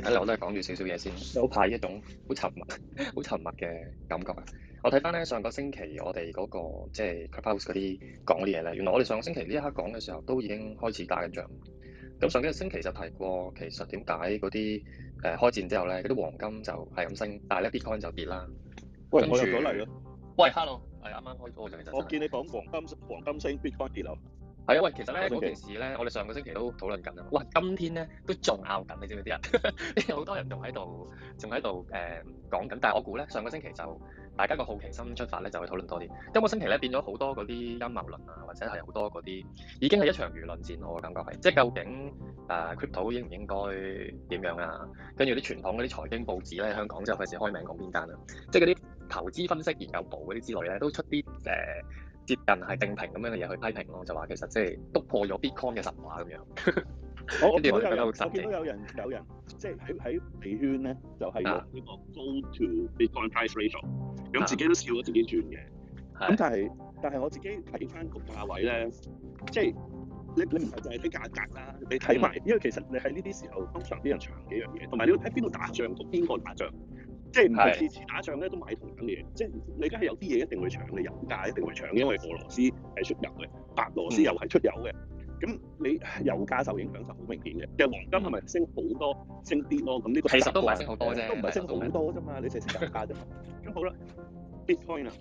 睇、嗯、嚟我都係講住少少嘢先，好怕一種好沉默、好沉默嘅感覺。我睇翻咧上個星期我哋嗰、嗰個即係 Propose 嗰啲講嗰啲嘢咧，原來我哋上個星期呢一刻講嘅時候都已經開始打緊仗。咁上個星期就提過，其實點解嗰啲誒開戰之後咧，嗰啲黃金就係咁升，但係咧 Bitcoin 就跌啦。喂，我又舉例咯。喂，Hello 剛剛。係啱啱開波，我見你講黃金黃金升，Bitcoin 跌咯。係啊，喂，其實咧嗰件事咧，我哋上個星期都討論緊啊。哇，今天咧都仲拗緊，你知唔知啲人？好 多人仲喺度，仲喺度誒講緊。但係我估咧，上個星期就大家個好奇心出發咧，就會討論多啲。今個星期咧變咗好多嗰啲陰謀論啊，或者係好多嗰啲已經係一場輿論戰，我嘅感覺係，即係究竟誒、呃、Crypto 應唔應該點樣啊？跟住啲傳統嗰啲財經報紙咧，香港真係費事開名講邊間啊？即係嗰啲投資分析研究部嗰啲之類咧，都出啲誒。呃接近係定評咁樣嘅嘢去批評咯，就話其實即係督破咗 Bitcoin 嘅神話咁樣。呵呵，我我真係見到有人到有人，有人，有人即係喺喺美圈咧，就係用呢個 Go to Bitcoin Price Ratio，咁、啊、自己都笑咗自己轉嘅。咁、啊就是、但係但係我自己睇翻個價位咧，即係、就是、你你唔係就係啲價格啦，你睇埋、嗯、因為其實你喺呢啲時候通常啲人長幾樣嘢，同埋你要睇邊度打仗同邊個打仗。即係唔係次次打仗咧都買同樣嘢，即係你梗係有啲嘢一定會搶嘅，油價一定會搶，因為俄羅斯係出油嘅，白羅斯又係出油嘅，咁、嗯、你油價受影響就好明顯嘅、嗯。其實黃金係咪升好多，多，多？升啲咯，咁呢個其實都唔係升好多啫，都唔係升好多啫嘛，你淨係升油價啫嘛。好啦，Bitcoin 啊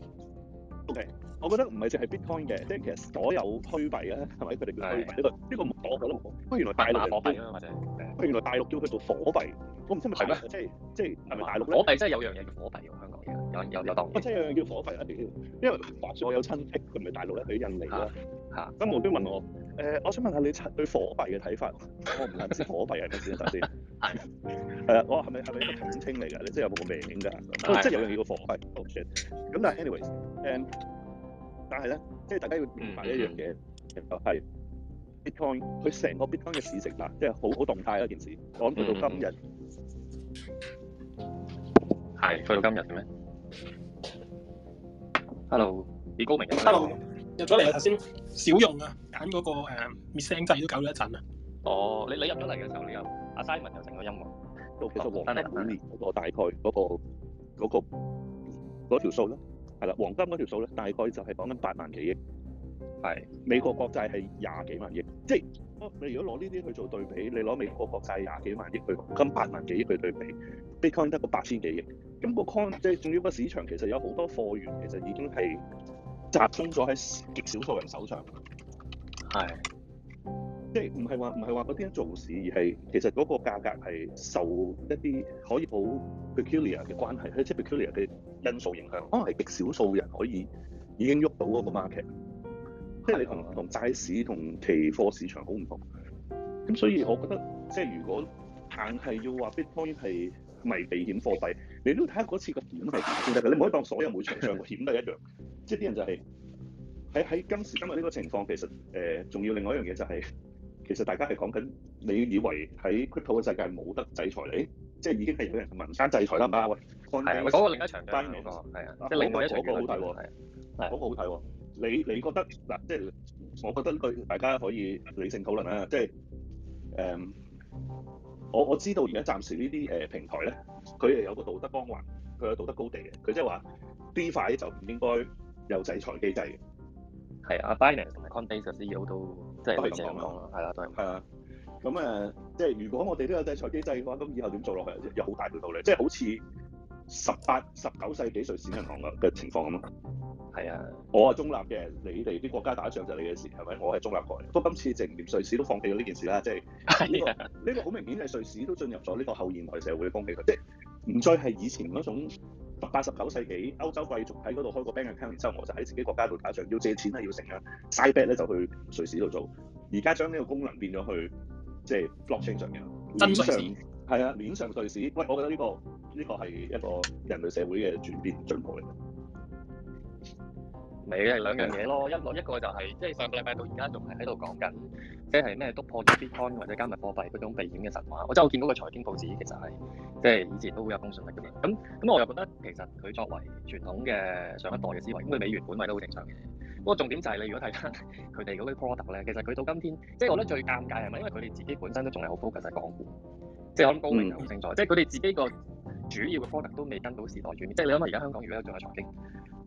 ，OK。我覺得唔係淨係 Bitcoin 嘅，即係其實所有虛幣咧、啊，係咪？佢哋叫虛幣呢、呢個呢個唔妥，我都唔妥。不過原來大陸火幣啊，或者佢原來大陸叫佢做火幣，我唔知係咩，即係即係係咪大陸咧？火幣即係有樣嘢叫火幣，用香港嘢，有有有當。即真係有樣叫火幣啊！屌、啊，因為話說我有親戚，佢唔係大陸咧，佢印尼啦、啊。嚇、啊！咁無端端問我誒、呃，我想問下你對幣 火幣嘅睇法，我唔係知火幣係咩先，等先我係咪係咪一個統稱嚟㗎？你即係有冇個名㗎？即係有樣嘢叫火幣。Oh shit！咁但係 anyways and, 但係咧，即係大家要明白一樣嘢，其實係 Bitcoin 佢成個 Bitcoin 嘅市值啊，即係好好動態一件事。我諗、嗯、到、嗯就是、到今日，係、嗯、去到今日嘅咩？Hello，你高明 Hello 入咗嚟啊！頭先少用啊，揀嗰、那個誒 missing 掣都搞咗一陣啊。哦、oh，你你入咗嚟嘅時候，你有阿、uh, Simon 又成個音樂，叫做黃丹五年，等等那個大概嗰、那個嗰、那個、那個、條數咧。係啦，黃金嗰條數咧，大概就係講緊八萬幾億，係美國國債係廿幾萬億，即係你如果攞呢啲去做對比，你攞美國國債廿幾萬億去黃金八萬幾億去對比，bitcoin 得個八千幾億。咁個 coin 即係仲要個市場，其實有好多貨源，其實已經係集中咗喺極少數人手上。係。即係唔係話，唔係話嗰啲人做市，而係其實嗰個價格係受一啲可以好 peculiar 嘅關係，即係 peculiar 嘅因素影響，可能係極少數人可以已經喐到嗰個 market。即係你同同債市同期貨市場好唔同。咁所以我覺得，即係如果硬係要話，Bitcoin 係咪避險貨幣，你都要睇下嗰次個險係先得。你唔可以當所有 每場場險都係一樣。即係啲人就係喺喺今時今日呢個情況，其實誒仲要另外一樣嘢就係。其實大家係講緊，你以為喺 Crypto 嘅世界冇得制裁你，即係已經係俾人民間制裁啦。唔啱喂，係咪嗰個另一場嘅單元？係、那、啊、個，即、那、係、個那個、另外嗰、就是那個那個就是那個好睇喎、哦，係嗰、那個好睇喎、哦。你你覺得嗱，即係我覺得呢大家可以理性討論啊。即係誒、嗯，我我知道而家暫時呢啲誒平台咧，佢係有個道德光環，佢有道德高地嘅。佢即係話，DeFi 就唔應該有制裁機制係啊 f i n 同埋 c o n d u c t o 都 s 先有好多，即係咁講咯，係啦，都係咁。係啊，咁誒，即係如果我哋都有制裁機制嘅話，咁以後點做落去，有好大條道理。即係好似十八、十九世紀瑞士銀行嘅嘅情況咁咯。係啊，我係中立嘅，你哋啲國家打仗就係你嘅事，係咪？我係中立國。不過今次連瑞士都放棄咗呢件事啦，即係呢、呢個呢 個好明顯係瑞士都進入咗呢個後現代社會嘅風氣，即係唔再係以前嗰種。八十九世紀歐洲貴族喺嗰度開個 bank account，然之後我就喺自己國家度打仗要借錢咧，要成啦 side bet 咧，就去瑞士度做。而家將呢個功能變咗去，即係 blockchain 上面，真相係啊，面上瑞士。喂，我覺得呢個呢個係一個人類社會嘅轉變進步嚟。咪係兩樣嘢咯，一落一個就係、是、即係上個禮拜到而家仲係喺度講緊，即係咩篤破 Bitcoin 或者加密貨幣嗰種避險嘅神話。我真係我見到個財經報紙其實係即係以前都會有公信力嘅嘛。咁咁我又覺得其實佢作為傳統嘅上一代嘅思維，咁對美元本位都好正常嘅。不過重點就係你如果睇翻佢哋嗰啲 product 咧，其實佢到今天，即係我覺得最尷尬係咪因為佢哋自己本身都仲係好 focus 喺港股，即係可能高明高精才，即係佢哋自己個。主要嘅 product 都未跟到時代轉變，即係你諗下，而家香港如果都做下財經，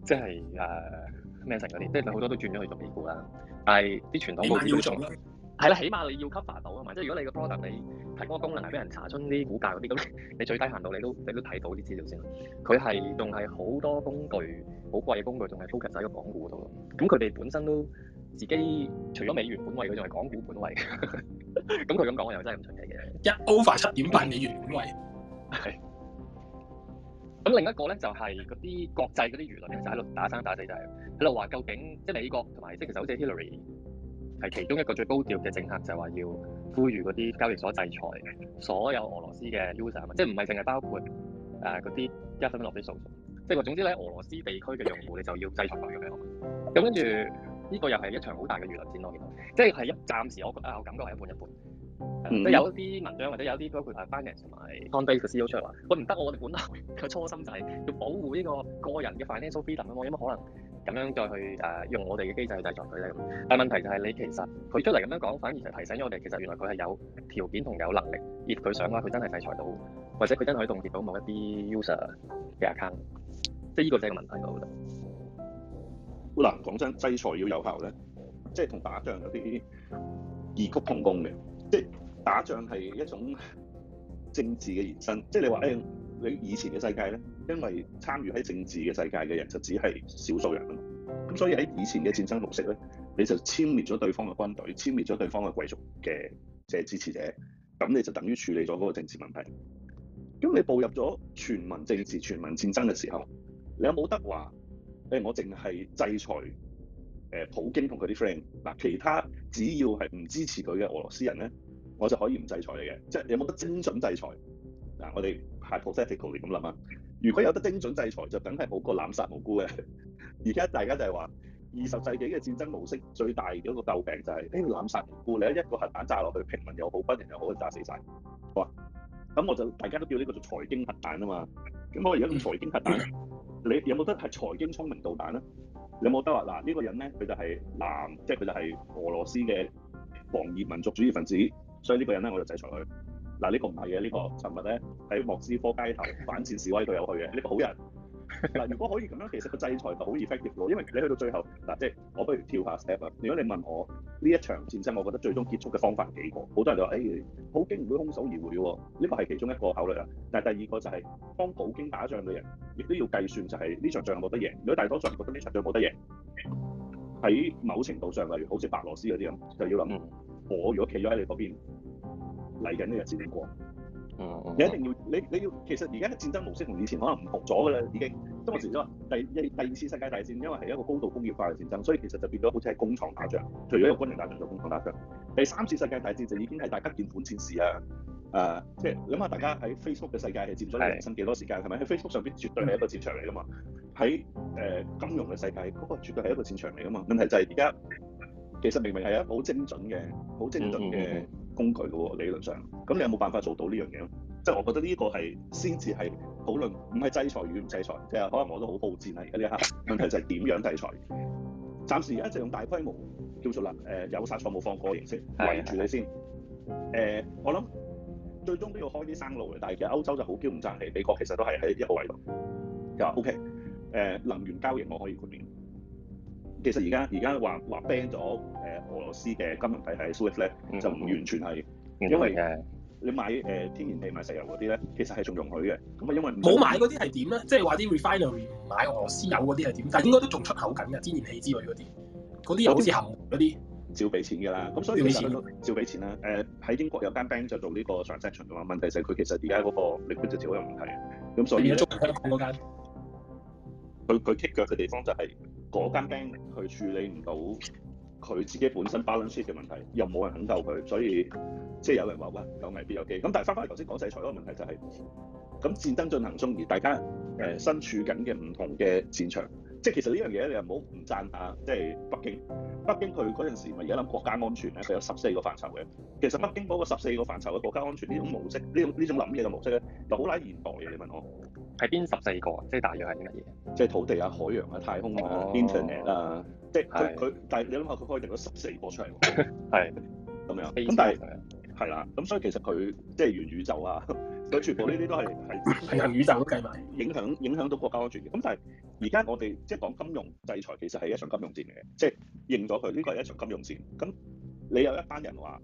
即係誒咩成嗰啲，即係好多都轉咗去做美股啦。但係啲傳統股都要做。係啦，起碼你要 cover 到啊嘛。即係如果你個 product 你提供功能係俾人查詢啲股價嗰啲，都你最低限度你都你都睇到啲資料先。佢係仲係好多工具，好貴嘅工具，仲係 focus 喺個港股度咯。咁佢哋本身都自己除咗美元本位，佢仲係港股本位的。咁佢咁講，我又真係咁出奇嘅。一、yeah, over 七點八美元本位。係。 咁另一個咧就係嗰啲國際嗰啲輿論咧就喺、是、度打生打死，就是，就係喺度話究竟即係美國同埋即係其實好似 Hillary 係其中一個最高調嘅政客，就話、是、要呼籲嗰啲交易所制裁所有俄羅斯嘅 user，即係唔係淨係包括誒嗰啲加芬諾菲訴訟，即係話總之咧俄羅斯地區嘅用戶你就要制裁佢嘅。咁跟住呢個又係一場好大嘅輿論戰咯，其實即係係暫時我覺得我感覺係一半一半。嗯、即係有啲文章，或者有啲嗰個平台班嘅人同埋 Coinbase 嘅 C.E.O 出嚟，話，我唔得我哋本來嘅初心就係要保護呢個個人嘅 financial freedom 我有乜可能咁樣再去誒、啊、用我哋嘅機制去制裁佢咧？但係問題就係你其實佢出嚟咁樣講，反而就提醒咗我哋其實原來佢係有條件同有能力 if 佢想啦，佢真係制裁到，或者佢真係可以凍結到某一啲 user 嘅 account。即係依個真係個問題，我覺得嗱講真，制裁要有效咧，即係同打仗有啲異曲同工嘅。即係打仗係一種政治嘅延伸，即係你話咧，你以前嘅世界咧，因為參與喺政治嘅世界嘅人就只係少數人啊，咁所以喺以前嘅戰爭模式咧，你就殲滅咗對方嘅軍隊，殲滅咗對方嘅貴族嘅嘅支持者，咁你就等於處理咗嗰個政治問題。咁你步入咗全民政治、全民戰爭嘅時候，你有冇得話，誒、欸，我淨係制裁。誒普京同佢啲 friend，嗱其他只要係唔支持佢嘅俄羅斯人咧，我就可以唔制裁你嘅，即係有冇得精準制裁？嗱、啊，我哋係 hypothetically 嚟咁諗啊。如果有得精準制裁，就梗係好過濫殺無辜嘅。而家大家就係話二十世紀嘅戰爭模式最大嘅一個詬病就係、是、誒、哎、濫殺無辜，你一個核彈炸落去，平民又好，軍人又好，炸死晒。好啊，咁我就大家都叫呢個做財經核彈啊嘛。咁我而家個財經核彈，你有冇得係財經聰明導彈咧？你有冇得話？嗱、啊，呢、這個人咧，佢就係男，即係佢就係、是、俄羅斯嘅狂熱民族主義分子，所以呢個人咧，我就制裁佢。嗱、啊，這個不是的這個、呢個唔係嘅，呢個尋日咧喺莫斯科街頭反戰示威有他的，佢有去嘅，呢個好人。嗱， 如果可以咁樣，其實個制裁就好 effective 咯，因為你去到最後，嗱，即係我不如跳下 step。如果你問我呢一場戰爭，我覺得最終結束嘅方法幾個？好多人都話，誒、哎，普京唔會空手而回喎。呢個係其中一個考慮啦。但係第二個就係幫普京打仗嘅人，亦都要計算就係呢場仗有冇得贏。如果大多數人覺得呢場仗冇得贏，喺某程度上，例如好似白羅斯嗰啲咁，就要諗：我如果企咗喺你嗰邊嚟緊呢個日子點過？你一定要，你你要，其實而家嘅戰爭模式同以前可能唔同咗噶啦。已經，即我時咗第一第二次世界大戰，因為係一個高度工業化嘅戰爭，所以其實就變咗好似係工廠打仗，除咗用軍人打仗，就工廠打仗。第三次世界大戰就已經係大家鍵盤戰士啊，誒、呃，即係諗下大家喺 Facebook 嘅世界係佔咗人生幾多時間，係咪？喺 Facebook 上邊絕對係一個戰場嚟噶嘛，喺誒、呃、金融嘅世界嗰、那個絕對係一個戰場嚟噶嘛。問題就係而家其實明明係啊，一個好精準嘅，好精準嘅。嗯嗯工具嘅喎，理論上，咁你有冇辦法做到呢樣嘢咧？即係我覺得呢個係先至係討論唔係制裁與唔制裁，即係可能我都好好戰啦，而家呢一刻。問題就係點樣制裁？暫時一直用大規模叫做啦，誒、呃、有殺錯冇放過形式圍住你先。誒、呃，我諗最終都要開啲生路嘅，但係其實歐洲就好嬌唔爭氣，美國其實都係喺一個位度。就、yeah, OK，誒、呃、能源交易我可以豁免。其實而家而家話話 ban 咗俄羅斯嘅金融體系喺 SWIFT 咧、嗯，就唔完全係、嗯，因為你買、呃、天然氣買石油嗰啲咧，其實係仲容許嘅。咁啊，因為冇買嗰啲係點咧？即係話啲 refinery 買俄羅斯油嗰啲係點？但係應該都仲出口緊嘅天然氣之類嗰啲，嗰啲有之後嗰啲照俾錢㗎啦。咁所以照俾錢啦。嗯、照俾錢喺、啊、英國有間 bank 就做呢個 transaction 㗎嘛。問題就係佢其實而家嗰個 liquidity 有問題。咁所以點解做佢佢踢腳嘅地方就係、是、嗰間 bank 去處理唔到佢自己本身 balance sheet 嘅問題，又冇人肯救佢，所以即係有人話喂，有危必有機。咁但係翻返嚟頭先講制裁嗰個問題就係、是，咁戰爭進行中而大家誒、呃、身處緊嘅唔同嘅戰場，即係其實呢樣嘢你又唔好唔贊啊！即係北京，北京佢嗰陣時咪而家諗國家安全咧，佢有十四個範疇嘅。其實北京嗰個十四個範疇嘅國家安全呢種模式，呢呢種諗嘢嘅模式咧，就好拉現代嘅。你問我。喺邊十四個即係、就是、大約係啲乜嘢？即、就、係、是、土地啊、海洋啊、太空啊、哦、Internet 啊，即係佢佢。但係你諗下，佢可以定咗十四個出嚟喎，係咁樣。咁但係係啦，咁所以其實佢即係元宇宙啊，佢全部呢啲都係係係係宇宙都計埋影響影響到國家安全的。咁但係而家我哋即係講金融制裁，其實係一場金融戰嚟嘅，即、就、係、是、認咗佢呢個係一場金融戰。咁你有一班人話，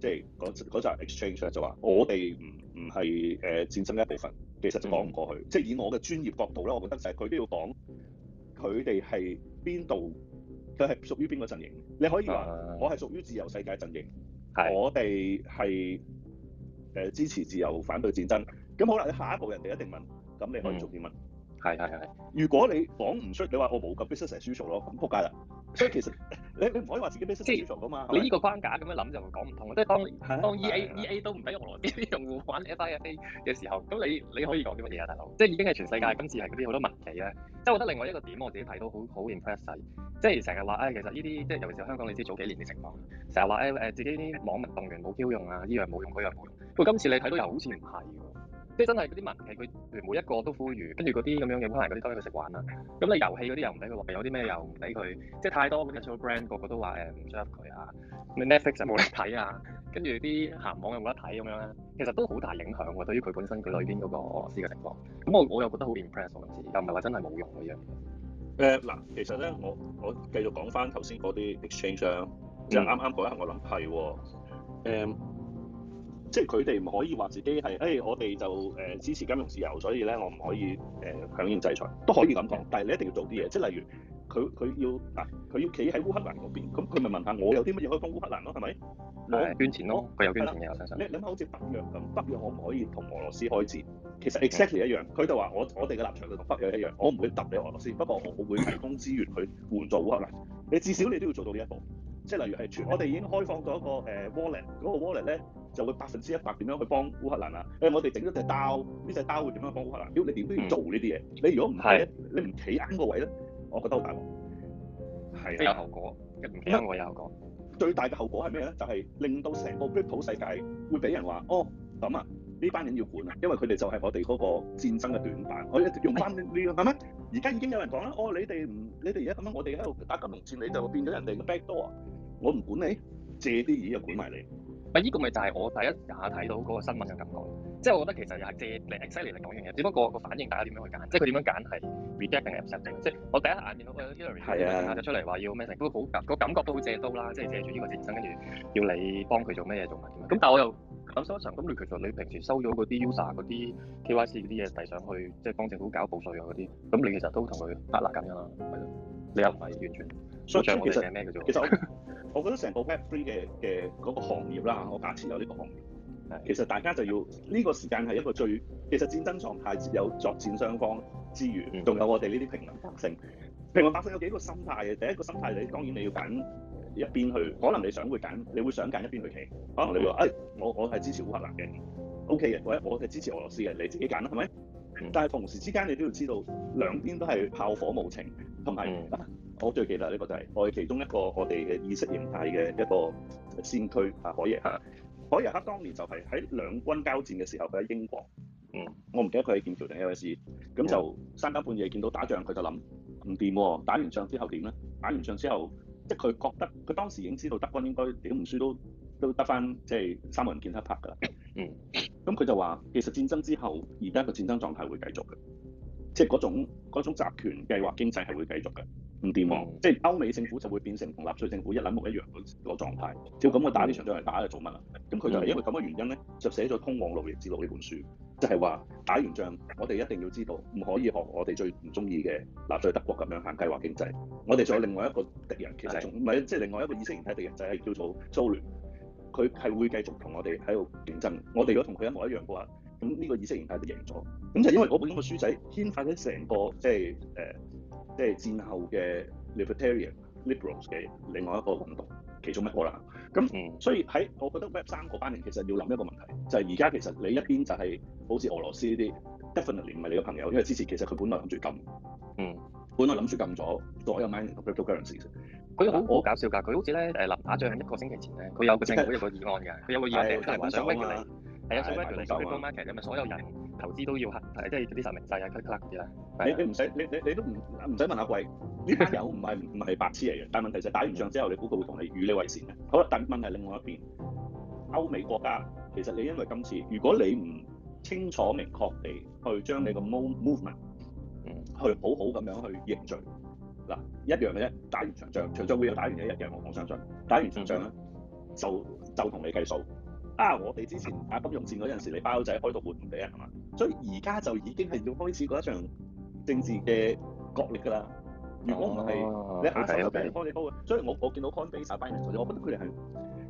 即係嗰嗰 Exchange、啊、就話我哋唔唔係誒戰爭一部分，其實就講唔過去，嗯、即係以我嘅專業角度咧，我覺得就係佢都要講，佢哋係邊度，佢係屬於邊個陣營。你可以話我係屬於自由世界陣營，啊、我哋係支持自由，反對戰爭。咁好啦，你下一步人哋一定問，咁你可以做啲乜？嗯係係係，如果你講唔出嘅話，我冇個 business 成輸數咯，咁撲街啦。 所以其實你你唔可以話自己必須成輸數噶嘛。你呢個框架咁樣諗就會講唔通。即係、就是、當當 EA EA 都唔畀俄羅斯啲用戶玩 FIFA 嘅時候，咁你你可以講啲乜嘢啊？大佬？即係已經係全世界今次係嗰啲好多民企啊。即、嗯、係我覺得另外一個點，我自己睇到好好 impress 印象深刻，即係成日話啊，其實呢啲即係尤其是香港，你知早幾年嘅情況，成日話誒誒自己啲網民動員冇用啊，呢樣冇用，嗰樣冇用。不過今次你睇到又好似唔係。即係真係嗰啲文戲，佢每一個都呼籲，跟住嗰啲咁樣嘅可能可，嗰啲都喺佢食玩啦。咁你遊戲嗰啲又唔俾佢玩，有啲咩又唔俾佢，即係太多。跟住個 brand 個個都話誒唔 charge 佢啊，咩 Netflix 係冇得睇啊，跟住啲咸網又冇得睇咁樣咧。其實都好大影響喎，對於佢本身佢裏邊嗰個俄羅斯嘅情況。咁我我又覺得好 impress 我自己，又唔係話真係冇用嗰樣。誒、呃、嗱，其實咧，我我繼續講翻頭先嗰啲 exchange 啊，就啱啱嗰一刻我諗係喎。呃即係佢哋唔可以話自己係，誒、哎，我哋就誒支持金融自由，所以咧我唔可以誒、呃、強硬制裁，都可以咁講，但係你一定要做啲嘢，即係例如佢佢要嗱佢、啊、要企喺烏克蘭嗰邊，咁佢咪問下我有啲乜嘢可以幫烏克蘭咯，係咪？我捐錢咯，佢有捐錢嘅，我想想。你諗下好似北約咁，北約可唔可以同俄羅斯開戰？其實 exactly 一樣，佢就話我我哋嘅立場就同北約一樣，我唔會揼你俄羅斯，不過我我會提供資源去援助烏克蘭。 你至少你都要做到呢一步。即係例如係我哋已經開放咗一個誒 wallet，嗰個 wallet 咧就會百分之一百點樣去幫烏克蘭啊！誒，我哋整咗隻刀，呢隻刀會點樣幫烏克蘭？你要點都要做呢啲嘢，你如果唔係咧，你唔企啱個位咧，我覺得好大鑊。係啊，有後果，一定企啱個位有後果。最大嘅後果係咩咧？就係、是、令到成個 crypto 世界會俾人話哦咁啊。呢班人要管啊，因為佢哋就係我哋嗰個戰爭嘅短板。我一用翻呢呢個咁樣，而家已經有人講啦。哦，你哋唔，你哋而家咁樣，我哋喺度打金融戰，你就變咗人哋嘅 back door。我唔管你，借啲嘢就管埋你。咪依個咪就係我第一眼睇到嗰個新聞嘅感覺。即係我覺得其實又係借嚟 excite 嚟講嘅嘢，只不過個反應大家點樣去揀，即係佢點樣揀係 react 定係 respond。即係我第一眼見到我條 reply 係啊，就出嚟話要咩成，不過好感個感覺都好借刀啦，即係借住呢個戰爭，跟住要你幫佢做咩嘢做乜嘅。咁但係我又，咁收一層，咁你其實你平時收咗嗰啲 user 嗰啲 KYC 嗰啲嘢，遞上去，即係幫政府搞報稅啊嗰啲，咁你其實都同佢蝦辣咁樣啦。你又唔係完全。所以其實我係咩嘅啫？其實我， 我覺得成個 web three 嘅嘅嗰個行業啦，我假設有呢個行業，其實大家就要呢個時間係一個最，其實戰爭狀態只有作戰雙方之餘，仲有我哋呢啲平民百姓。平民百姓有幾個心態嘅，第一個心態你當然你要揀，一邊去，可能你想會揀，你會想揀一邊去企。可、嗯、能你會話，誒、哎，我我係支持烏克蘭嘅，O.K. 嘅，或者我係支持俄羅斯嘅，你自己揀啦，係咪、嗯？但係同時之間，你都要知道兩邊都係炮火無情，同埋、嗯、我最記得呢個就係、是、我哋其中一個我哋嘅意識形態嘅一個先驅啊，海耶克、嗯，海耶克當年就係喺兩軍交戰嘅時候，佢喺英國，嗯，我唔記得佢喺劍橋定 LSE 咁就三更半夜見到打仗，佢就諗唔掂喎，打完仗之後點咧？打完仗之後。即係佢覺得，佢當時已經知道德軍應該點唔輸都都得返，即係三個人見得一拍㗎啦。嗯，咁 佢就話，其實戰爭之後，而家個戰爭狀態會繼續嘅，即係嗰種，嗰種集權計劃經濟係會繼續嘅。唔掂喎，即係歐美政府就會變成同納粹政府一撚模一樣嗰個狀態。照咁嘅打呢場仗嚟打你做，係做乜啊？咁佢就係因為咁嘅原因咧，就寫咗《通往奴役之路》呢本書，就係、是、話打完仗，我哋一定要知道，唔可以學我哋最唔中意嘅納粹德國咁樣行計劃經濟。我哋仲有另外一個敵人，是其實仲唔係即係另外一個意識形態的敵人，就係、是、叫做蘇聯。佢係會繼續同我哋喺度競爭。我哋如果同佢一模一樣嘅話，咁呢個意識形態就贏咗。咁就因為嗰本嘅書仔牽發咗成個即係誒。呃即係戰後嘅 libertarian、liberals 嘅另外一個運動，其中一個啦。咁、嗯、所以喺我覺得 Web 三嗰班人其實要諗一個問題，就係而家其實你一邊就係、是、好似俄羅斯呢啲 definitely 唔係你嘅朋友，因為之前其實佢本來諗住禁，嗯，本來諗住禁咗。我又問到 Gregory s 佢好好搞笑㗎。佢好似咧誒，林亞最近一個星期前咧，佢有個政府有個議案㗎，佢、哎、有個議案，即係話想咩叫、哎、你係啊，哎、你 f a c e 所有人。嗯。投資都要嚇，係即係啲實名制啊 c u 嘅啦。你你唔使你你你都唔唔使問阿貴呢間友唔係唔係白痴嚟嘅。但問題就係打完仗之後，你估佢會同你與你為善嘅。好啦，但問題係另外一邊，歐美國家、啊、其實你因為今次，如果你唔清楚明確地去將你個 m o movement，去好好咁樣去凝聚，嗱、嗯、一樣嘅啫。打完場仗，場仗會有打完一日嘅，我我相信。打完場仗咧、嗯，就就同你計數。啊！我哋之前打金融戰嗰陣時，你包仔開到立唔俾啊，係嘛？所以而家就已經係要開始嗰一場政治嘅角力㗎啦、哦。如果唔係、啊，你亞洲俾人拖地啊。所以我我見到 conspiracy 我覺得佢哋係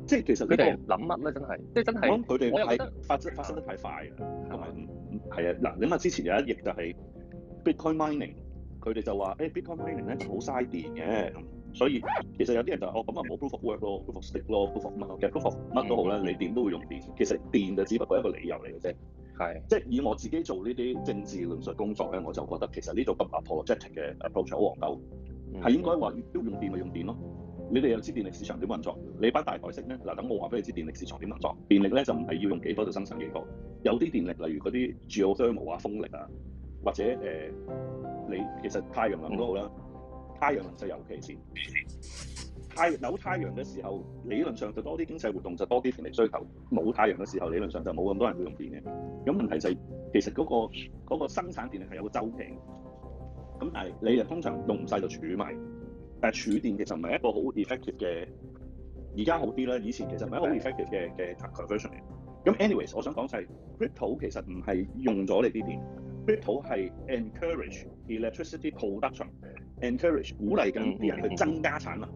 即係其實佢哋諗乜咧？真係即係真係，佢哋係發生發生得太快啊，係咪？係啊，嗱，你諗之前有一譯就係 bitcoin mining，佢哋就話誒、欸、bitcoin mining 咧好嘥電嘅。嗯所以其實有啲人就係哦咁啊冇 proof of work 咯，proof of stake 咯，proof of 乜、mm -hmm. 都好，proof of 乜都好咧，你點都會用電。其實電就只不過一個理由嚟嘅啫。係，即係以我自己做呢啲政治論述工作咧，我就覺得其實呢度咁破 project 嘅 approach 好戇鳩，係應該話都要用電咪用電咯。你哋又知電力市場點運作？你班大台式咧嗱，等我話俾你知電力市場點運作。電力咧就唔係要用幾多就生產幾多，有啲電力例如嗰啲 geothermal 啊風力啊，或者誒、呃、你其實太陽能都好啦。Mm -hmm. 太陽能就尤其先太有太陽嘅時候，理論上就多啲經濟活動就多啲電力需求。冇太陽嘅時候，理論上就冇咁多人會用電嘅。咁問題就係、是、其實嗰個嗰個生產電力係有個周期。咁但係你啊，通常用唔晒就儲埋，但係儲電其實唔係一個好 effective 嘅。而家好啲啦，以前其實唔係一個好 effective 嘅嘅 conversion。咁 anyways，我想講就係 Bitcoin 其實唔係用咗你啲電 Bitcoin 係 encourage electricity production。encourage 鼓勵緊啲人去增加產能，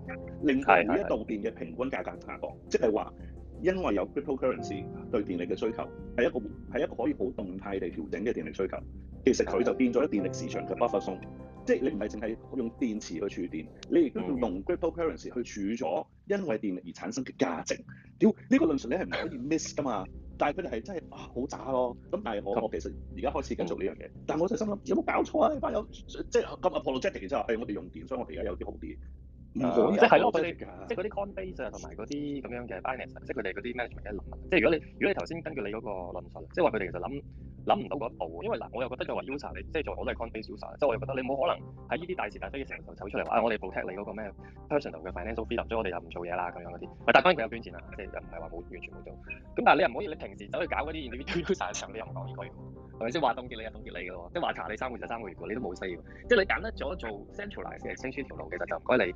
令到每一度電嘅平均價格下降，即係話因為有 cryptocurrency 對電力嘅需求係一個係一個可以好動態地調整嘅電力需求，其實佢就變咗一電力市場嘅 buffer zone，即係你唔係淨係用電池去儲電，你亦都要用 cryptocurrency 去儲咗因為電力而產生嘅價值，屌、這、呢個論述你係唔可以 miss 㗎嘛？嗯 但係佢哋係真係哇好渣咁，但係我其實而家開始做緊呢樣嘢。但係我就心諗有冇搞錯啊？呢班友即係咁 Paulo j e d t 就話，係、欸、我哋用電，所以我哋而家有啲好啲。即係咯，即係嗰啲 c o n b a s e 啊，同埋嗰啲咁樣嘅 b i n a n c e 啊，即係佢哋嗰啲 match 厭嘅諗啊。即係如果你如果你頭先根據你嗰個諗述，即係話佢哋其實諗諗唔到嗰一步，因為嗱，我又覺得就話 user 你，即係做我都係 c o n b a s e u r 即我又覺得你冇可能喺呢啲大時大非嘅時候就出嚟話我哋報踢你嗰個咩 personal 嘅 financial 診立，所以我哋又唔做嘢啦咁樣嗰啲。但係當然佢有捐錢啊，即係又唔係話冇完全冇做。咁但係你唔以你平時走去搞嗰啲，如果你捐錢嘅時候，你又講呢句，係咪先？總結你又總結你嘅喎，即係話查你三個月，三個月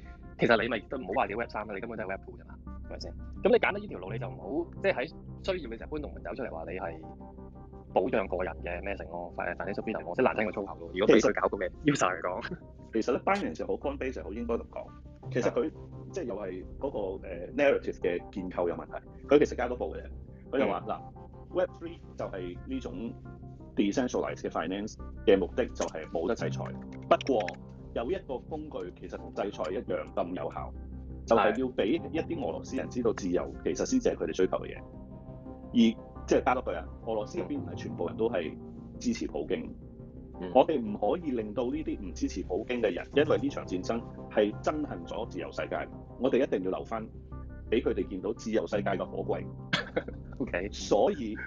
�其實你咪都唔好話你 Web 三啦，你根本都係 Web Two 啫嘛，係咪先？咁你揀得呢條路你就唔好，即係喺需要嘅時候搬龍門走出嚟話你係保障個人嘅咩成咯，快啲出邊頭，我即係難聽個粗口咯。如果必須搞個咩？User 嚟講 ，其實咧 Binance 好 Coinbase 好應該咁講。其實佢即係又係嗰個、uh, narrative 嘅結構有問題。佢其實加多部嘅，佢就話嗱，Web Three 就係呢種 decentralized 嘅 Finance 嘅目的就係冇得制裁，不過。有一個工具其實同制裁一樣咁有效，就係、是、要俾一啲俄羅斯人知道自由其實先至係佢哋追求嘅嘢。而即係加多句啊，俄羅斯入邊唔係全部人都係支持普京。嗯、我哋唔可以令到呢啲唔支持普京嘅人，因為呢場戰爭係憎恨咗自由世界。我哋一定要留翻俾佢哋見到自由世界嘅可貴。 OK，所以。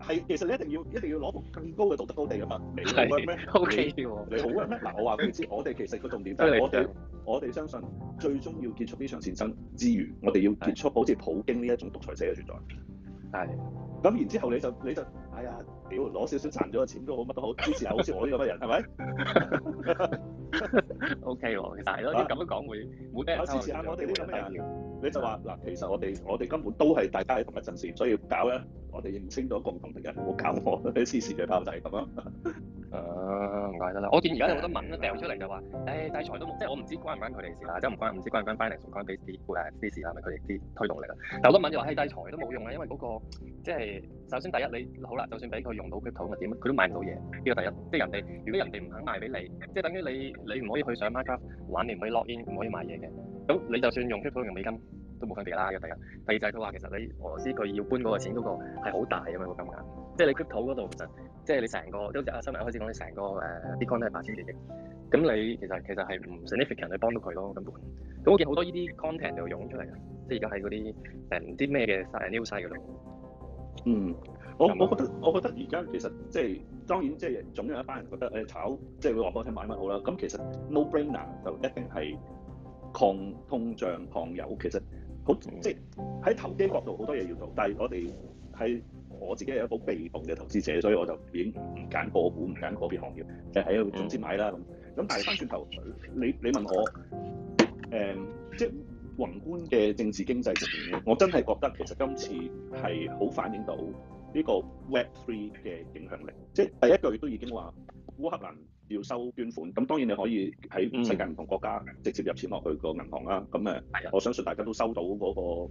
係，其實你一定要一定要攞到更高嘅道德高地㗎嘛？你好嘅咩？O K 你好嘅咩？嗱、嗯，我話俾你知，我哋其實個重點就係 我哋們， 我哋相信最終要結束呢場戰爭之餘，我哋要結束好似普京呢一種獨裁者嘅存在。係。咁然之後你就你就哎呀屌攞少少賺咗嘅錢都好，乜都好，支持下好似我呢個人係咪？O K 喎，其實係咯，咁樣講會會咩？支持下我哋會咩？你就話嗱，其實我哋我哋根本都係大家喺同一陣時，所以要搞咧。我哋認唔清楚共同敵人，唔好教我啲獅子仔包仔咁啊！啊，唔怪得啦。我見而家有好多文咧，掉出嚟就話，誒制裁都冇，即係我唔知關唔關佢哋事啦，即係唔關，唔知關唔關 Finance 關唔關啲誒啲事啦，係咪佢哋啲推動力啊？但好多文就話，係制裁都冇用啦，因為嗰個即係首先第一，你好啦，就算俾佢用到 bitcoin，點佢都買唔到嘢。呢個第一，即係人哋如果人哋唔肯賣俾你，即係等於你你唔可以去上 Minecraft 玩，你唔可以 login，唔可以買嘢嘅。咁你就算用 bitcoin 用美金。都冇分別啦。咁第一，第二就係佢話其實你俄羅斯佢要搬嗰個錢嗰、嗰個係好大咁樣、嗰個金額，即、就、係、是、你 crypto 嗰度、就是、其實即係你成個都好似阿新聞開始講你成個誒 bitcoin 都係八千幾億，咁你其實其實係唔 significant 去幫到佢咯根本。咁我見好多呢啲 content 就湧出嚟嘅，即係而家喺嗰啲誒唔知咩嘅 news 嗰度。嗯，我有有我覺得我覺得而家其實即係、就是、當然即係總有一班人覺得誒、欸、炒即係、就是、會話幫我聽買乜好啦。咁其實 no brainer 就一定係抗通脹抗油，其實。即係喺投資角度好多嘢要做，但係我哋係我自己係一個被動嘅投資者，所以我就已經唔揀個股，唔揀嗰邊行業，就喺度總之買啦咁。咁但係翻轉頭，你你問我誒、嗯，即係宏觀嘅政治經濟入面，我真係覺得其實今次係好反映到呢個 Web Three 嘅影響力。即係第一句都已經話烏克蘭。要收捐款，咁當然你可以喺世界唔同國家直接入錢落去個銀行啦。咁、嗯、誒，我相信大家都收到嗰、那個、嗯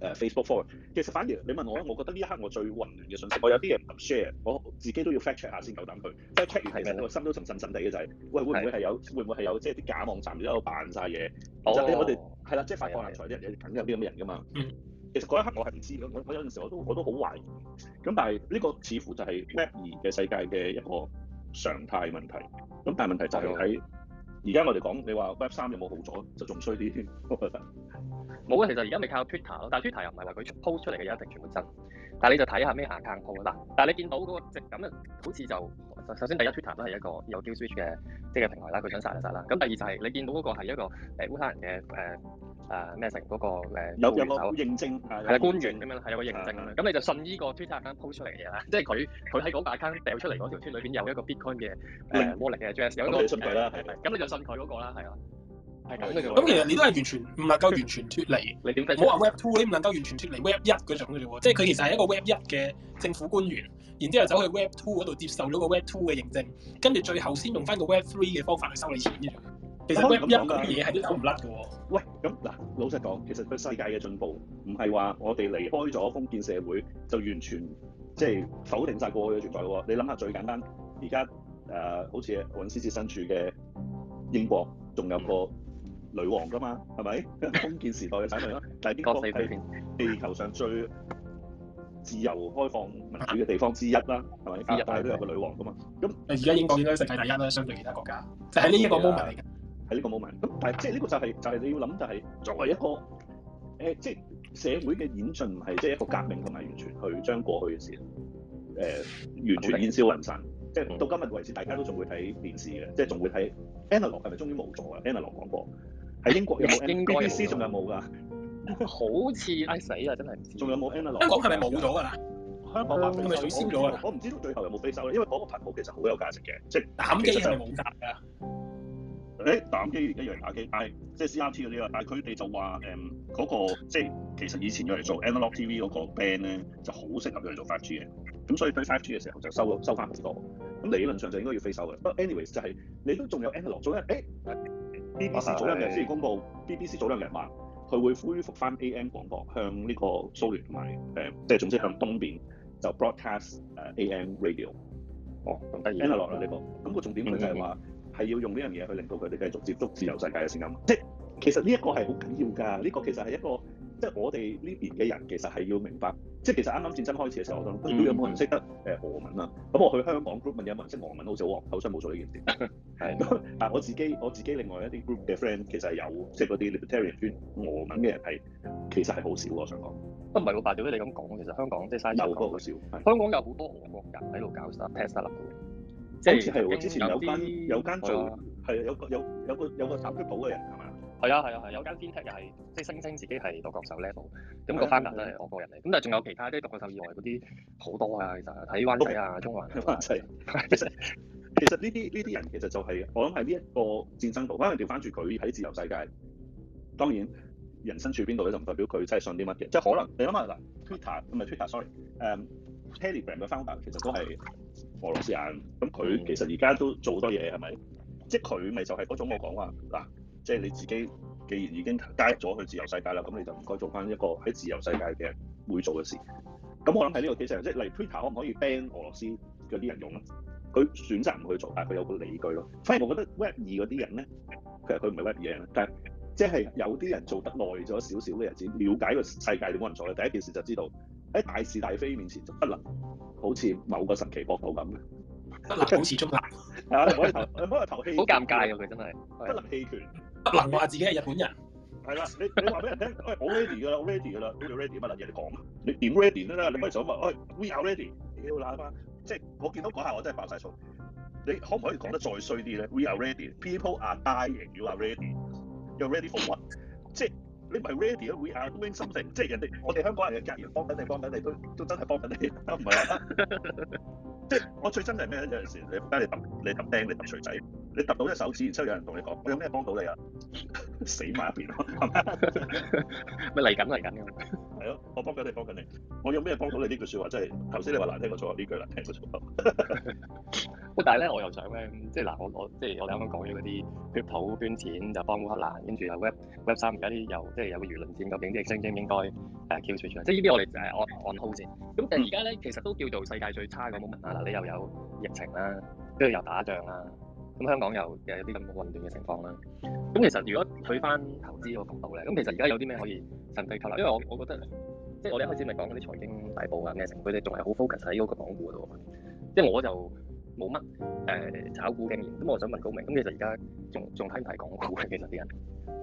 呃呃、Facebook forward。其實反而你問我、嗯、我覺得呢一刻我最混亂嘅信息，我有啲嘢唔 share，我自己都要 fact check 下先夠膽去。fact check 完係，嗯、心都沉震震地嘅就係、是嗯，喂會唔會係有，嗯、有，會唔會係有即係啲假網站喺度扮晒嘢？哦就是、我我哋係啦，即係發國難財啲人，梗有啲咁嘅人噶嘛、嗯。其實嗰一刻我係唔知，我我有陣時我都我都好懷疑。咁但係呢個似乎就係 Web 二嘅世界嘅一個。常態問題，咁但係問題就係喺而家我哋講，你話 Web 三有冇好咗？即仲衰啲添，我覺得。冇啊，其實而家咪靠 Twitter 咯，但係 Twitter 又唔係話佢 post 出嚟嘅嘢一定全部真。但你就睇下咩硬硬鋪 o 啦，但你見到嗰個直感咧，好似就首先第一 Twitter 都係一個有交易嘅即係平台啦，佢想殺就殺啦。咁、嗯、第二就係、是、你見到嗰個係一個誒烏克蘭嘅誒啊咩城嗰個、呃、有有冇認證係啦官員咁樣啦，係有個認證咁你就信呢個 Twitter p o 出嚟嘅嘢啦，即係佢佢喺嗰個 a 掉出嚟嗰條推裏邊有一個 Bitcoin 嘅 w a l l e t 嘅 JS，有一個咁信佢啦，係、呃、咁你就信佢嗰、那個啦，係啊。係咁嘅啫喎，咁其實你都係完全唔能夠完全脫離，你點解冇話 Web Two 你唔能夠完全脫離 Web 一嗰種嘅啫喎？即係佢其實係一個 Web 一嘅政府官員，然之後走去 Web Two 嗰度接受咗個 Web Two 嘅認證，跟住最後先用翻個 Web Three 嘅方法去收你錢嘅啫喎。其實 Web 一嗰啲嘢係都走唔甩嘅喎。喂，咁嗱，老實講，其實個世界嘅進步唔係話我哋離開咗封建社會就完全即係、就是、否定晒過去嘅存在喎。你諗下最簡單，而家誒好似我今次身處嘅英國、嗯，仲有個。女王噶嘛，係咪封建時代嘅產物咯？但係呢個係地球上最自由開放民主嘅地方之一啦？係咪？但係都有個女王噶嘛。咁而家英國應該世界第一啦，相對其他國家。就喺呢一個 moment 嚟嘅，喺呢個 moment。咁但係即係呢個就係、是、就係、是、你要諗，就係作為一個誒，即、呃、係、就是、社會嘅演進，係即係一個革命，同埋完全去將過去嘅事誒完全煙消雲散。即係、就是、到今日為止、嗯，大家都仲會睇電視嘅，即係仲會睇 analogue 係咪？終於冇助啦、啊，analogue 廣播喺英國有冇，英 BBC 仲有冇㗎？好似唉、哎、死啦，真係仲有冇 Analog 香港係咪冇咗㗎啦？香港白白取消咗啊！我、啊、唔、啊啊嗯啊啊、知道最後有冇飛收咧，因為嗰個頻譜其實好有價值嘅，即係膽、就是、機係冇得㗎。誒、欸、膽機而家用嚟打機，但係即係 CRT 嗰啲啊，但係佢哋就話誒嗰個即係其實以前用嚟做 Analog TV 嗰個 band 咧，就好適合用嚟做 5G 嘅。咁所以對 5G 嘅時候就收收翻唔多。咁理論上就應該要分手嘅。不過 anyways 就係、是、你都仲有 analogue 早一，誒、欸、BBC 早兩日先公佈，BBC 早兩日晚，佢會恢復翻 AM 廣播，向呢個蘇聯同埋誒，即、嗯、係、嗯嗯、總之向東邊就 broadcast 誒 AM radio 哦。哦 analogue 啦、這、呢個。咁、那個重點咧就係話係要用呢樣嘢去令到佢哋繼續接觸自由世界嘅聲音。即、嗯、係其實呢一個係好緊要㗎。呢、這個其實係一個。即係我哋呢邊嘅人其實係要明白，即係其實啱啱戰爭開始嘅時候，我都諗有冇人識得誒、呃、俄文啊？咁、嗯嗯、我去香港 group 問有冇人識俄文好，好似我頭先冇做呢件事。係、嗯， 但係我自己我自己另外一啲 group 嘅 friend 其實係有，即係嗰啲 libertarian 專俄文嘅人係其實係好少啊。我想講，都唔係喎，白條你咁講，其實香港即係有咗好少，香港有好多俄國人喺度搞生 test 立好似係我之前有間有間做係、嗯有，啊、有、有、有、有個有有個有個反對保嘅人係嘛？係啊係啊係、啊，有間編輯又係即係聲稱自己係獨角獸 level，咁個 founder 我個人嚟，咁但係仲有其他啲獨角獸以外嗰啲好多啊其實，睇灣仔啊中環啊，其實其實呢啲呢啲人其實就係、是、我諗係呢一個戰爭度，可能調翻住佢喺自由世界，當然人生處邊度咧就唔代表佢真係信啲乜嘢。即、就、係、是、可能、哦、你諗下嗱，Twitter 唔係 Twitter sorry，誒、um, Telegram 嘅 founder 其實都係俄羅斯人，咁佢其實而家都做好多嘢係咪？即係佢咪就係嗰種我講話嗱。Okay. 即係你自己，既然已經加入咗去自由世界啦，咁你就唔該做翻一個喺自由世界嘅人會做嘅事。咁我諗喺呢個基礎上，即係例如 Twitter 可唔可以 ban 俄羅斯嗰啲人用咧？佢選擇唔去做，但係佢有個理據咯。反而我覺得 Web 二嗰啲人咧，其實佢唔係 Web 二嘅人，但係即係有啲人做得耐咗少少嘅日子，了解個世界點樣運作咧。第一件事就知道喺大是大非面前，就不能好似某個神奇國度咁嘅。不能保持中立，係啊！唔可以投，唔可以投棄，好尷尬啊！佢真係不能棄權，不 能話自己係日本人。係啦，你你話俾人聽，我 ready 噶啦，我 ready 噶啦，我哋 ready 乜撚嘢？你講啦，你點 ready 啦？ 你唔係想問，喂 we are ready？妖嗱嘛，即係我見到嗰下，我真係爆晒粗。你可唔可以講得再衰啲咧？We are ready. People are dying. We are ready. We are ready for what？即係你唔係 ready 啊？We are doing something。即係人哋，我哋香港人嘅夾住幫緊你，幫緊你都都真係幫緊你，唔係啦。即我最憎係咩咧？有陣時候你而家你揼你揼釘，你揼錘仔。你揼到一手指，然之後有人同你講：我有咩幫到你啊？死埋一邊咯，咪嚟緊嚟緊㗎嘛。係 咯， 我幫緊你，幫緊你。我有咩幫到你？呢 句説話即係頭先你話難聽過錯，呢句難聽過錯。 但係咧，我又想咧，即係嗱，我我即係我哋啱啱講咗嗰啲，啲土捐錢就幫烏克蘭，跟住 web，又 web web 三，而家啲又即係有個輿論戰究竟即明星應唔應該誒叫出嚟？即係、呃呃、呢啲我哋誒按按 hold 先。咁但係而家咧，其實都叫做世界最差嘅 moment。嗱，你又有疫情啦，跟住又打仗啦。咁香港又又有啲咁嘅混亂嘅情況啦。咁其實如果退翻投資嗰個角度咧，咁其實而家有啲咩可以趁低購入？因為我我覺得，即係我哋一開始咪講嗰啲財經大報嘅成員，佢哋仲係好 focus 喺嗰個港股嘅喎。即係我就冇乜誒炒股經驗，咁我想問高明，咁其實而家仲仲睇唔睇港股嘅、呃？其實啲人，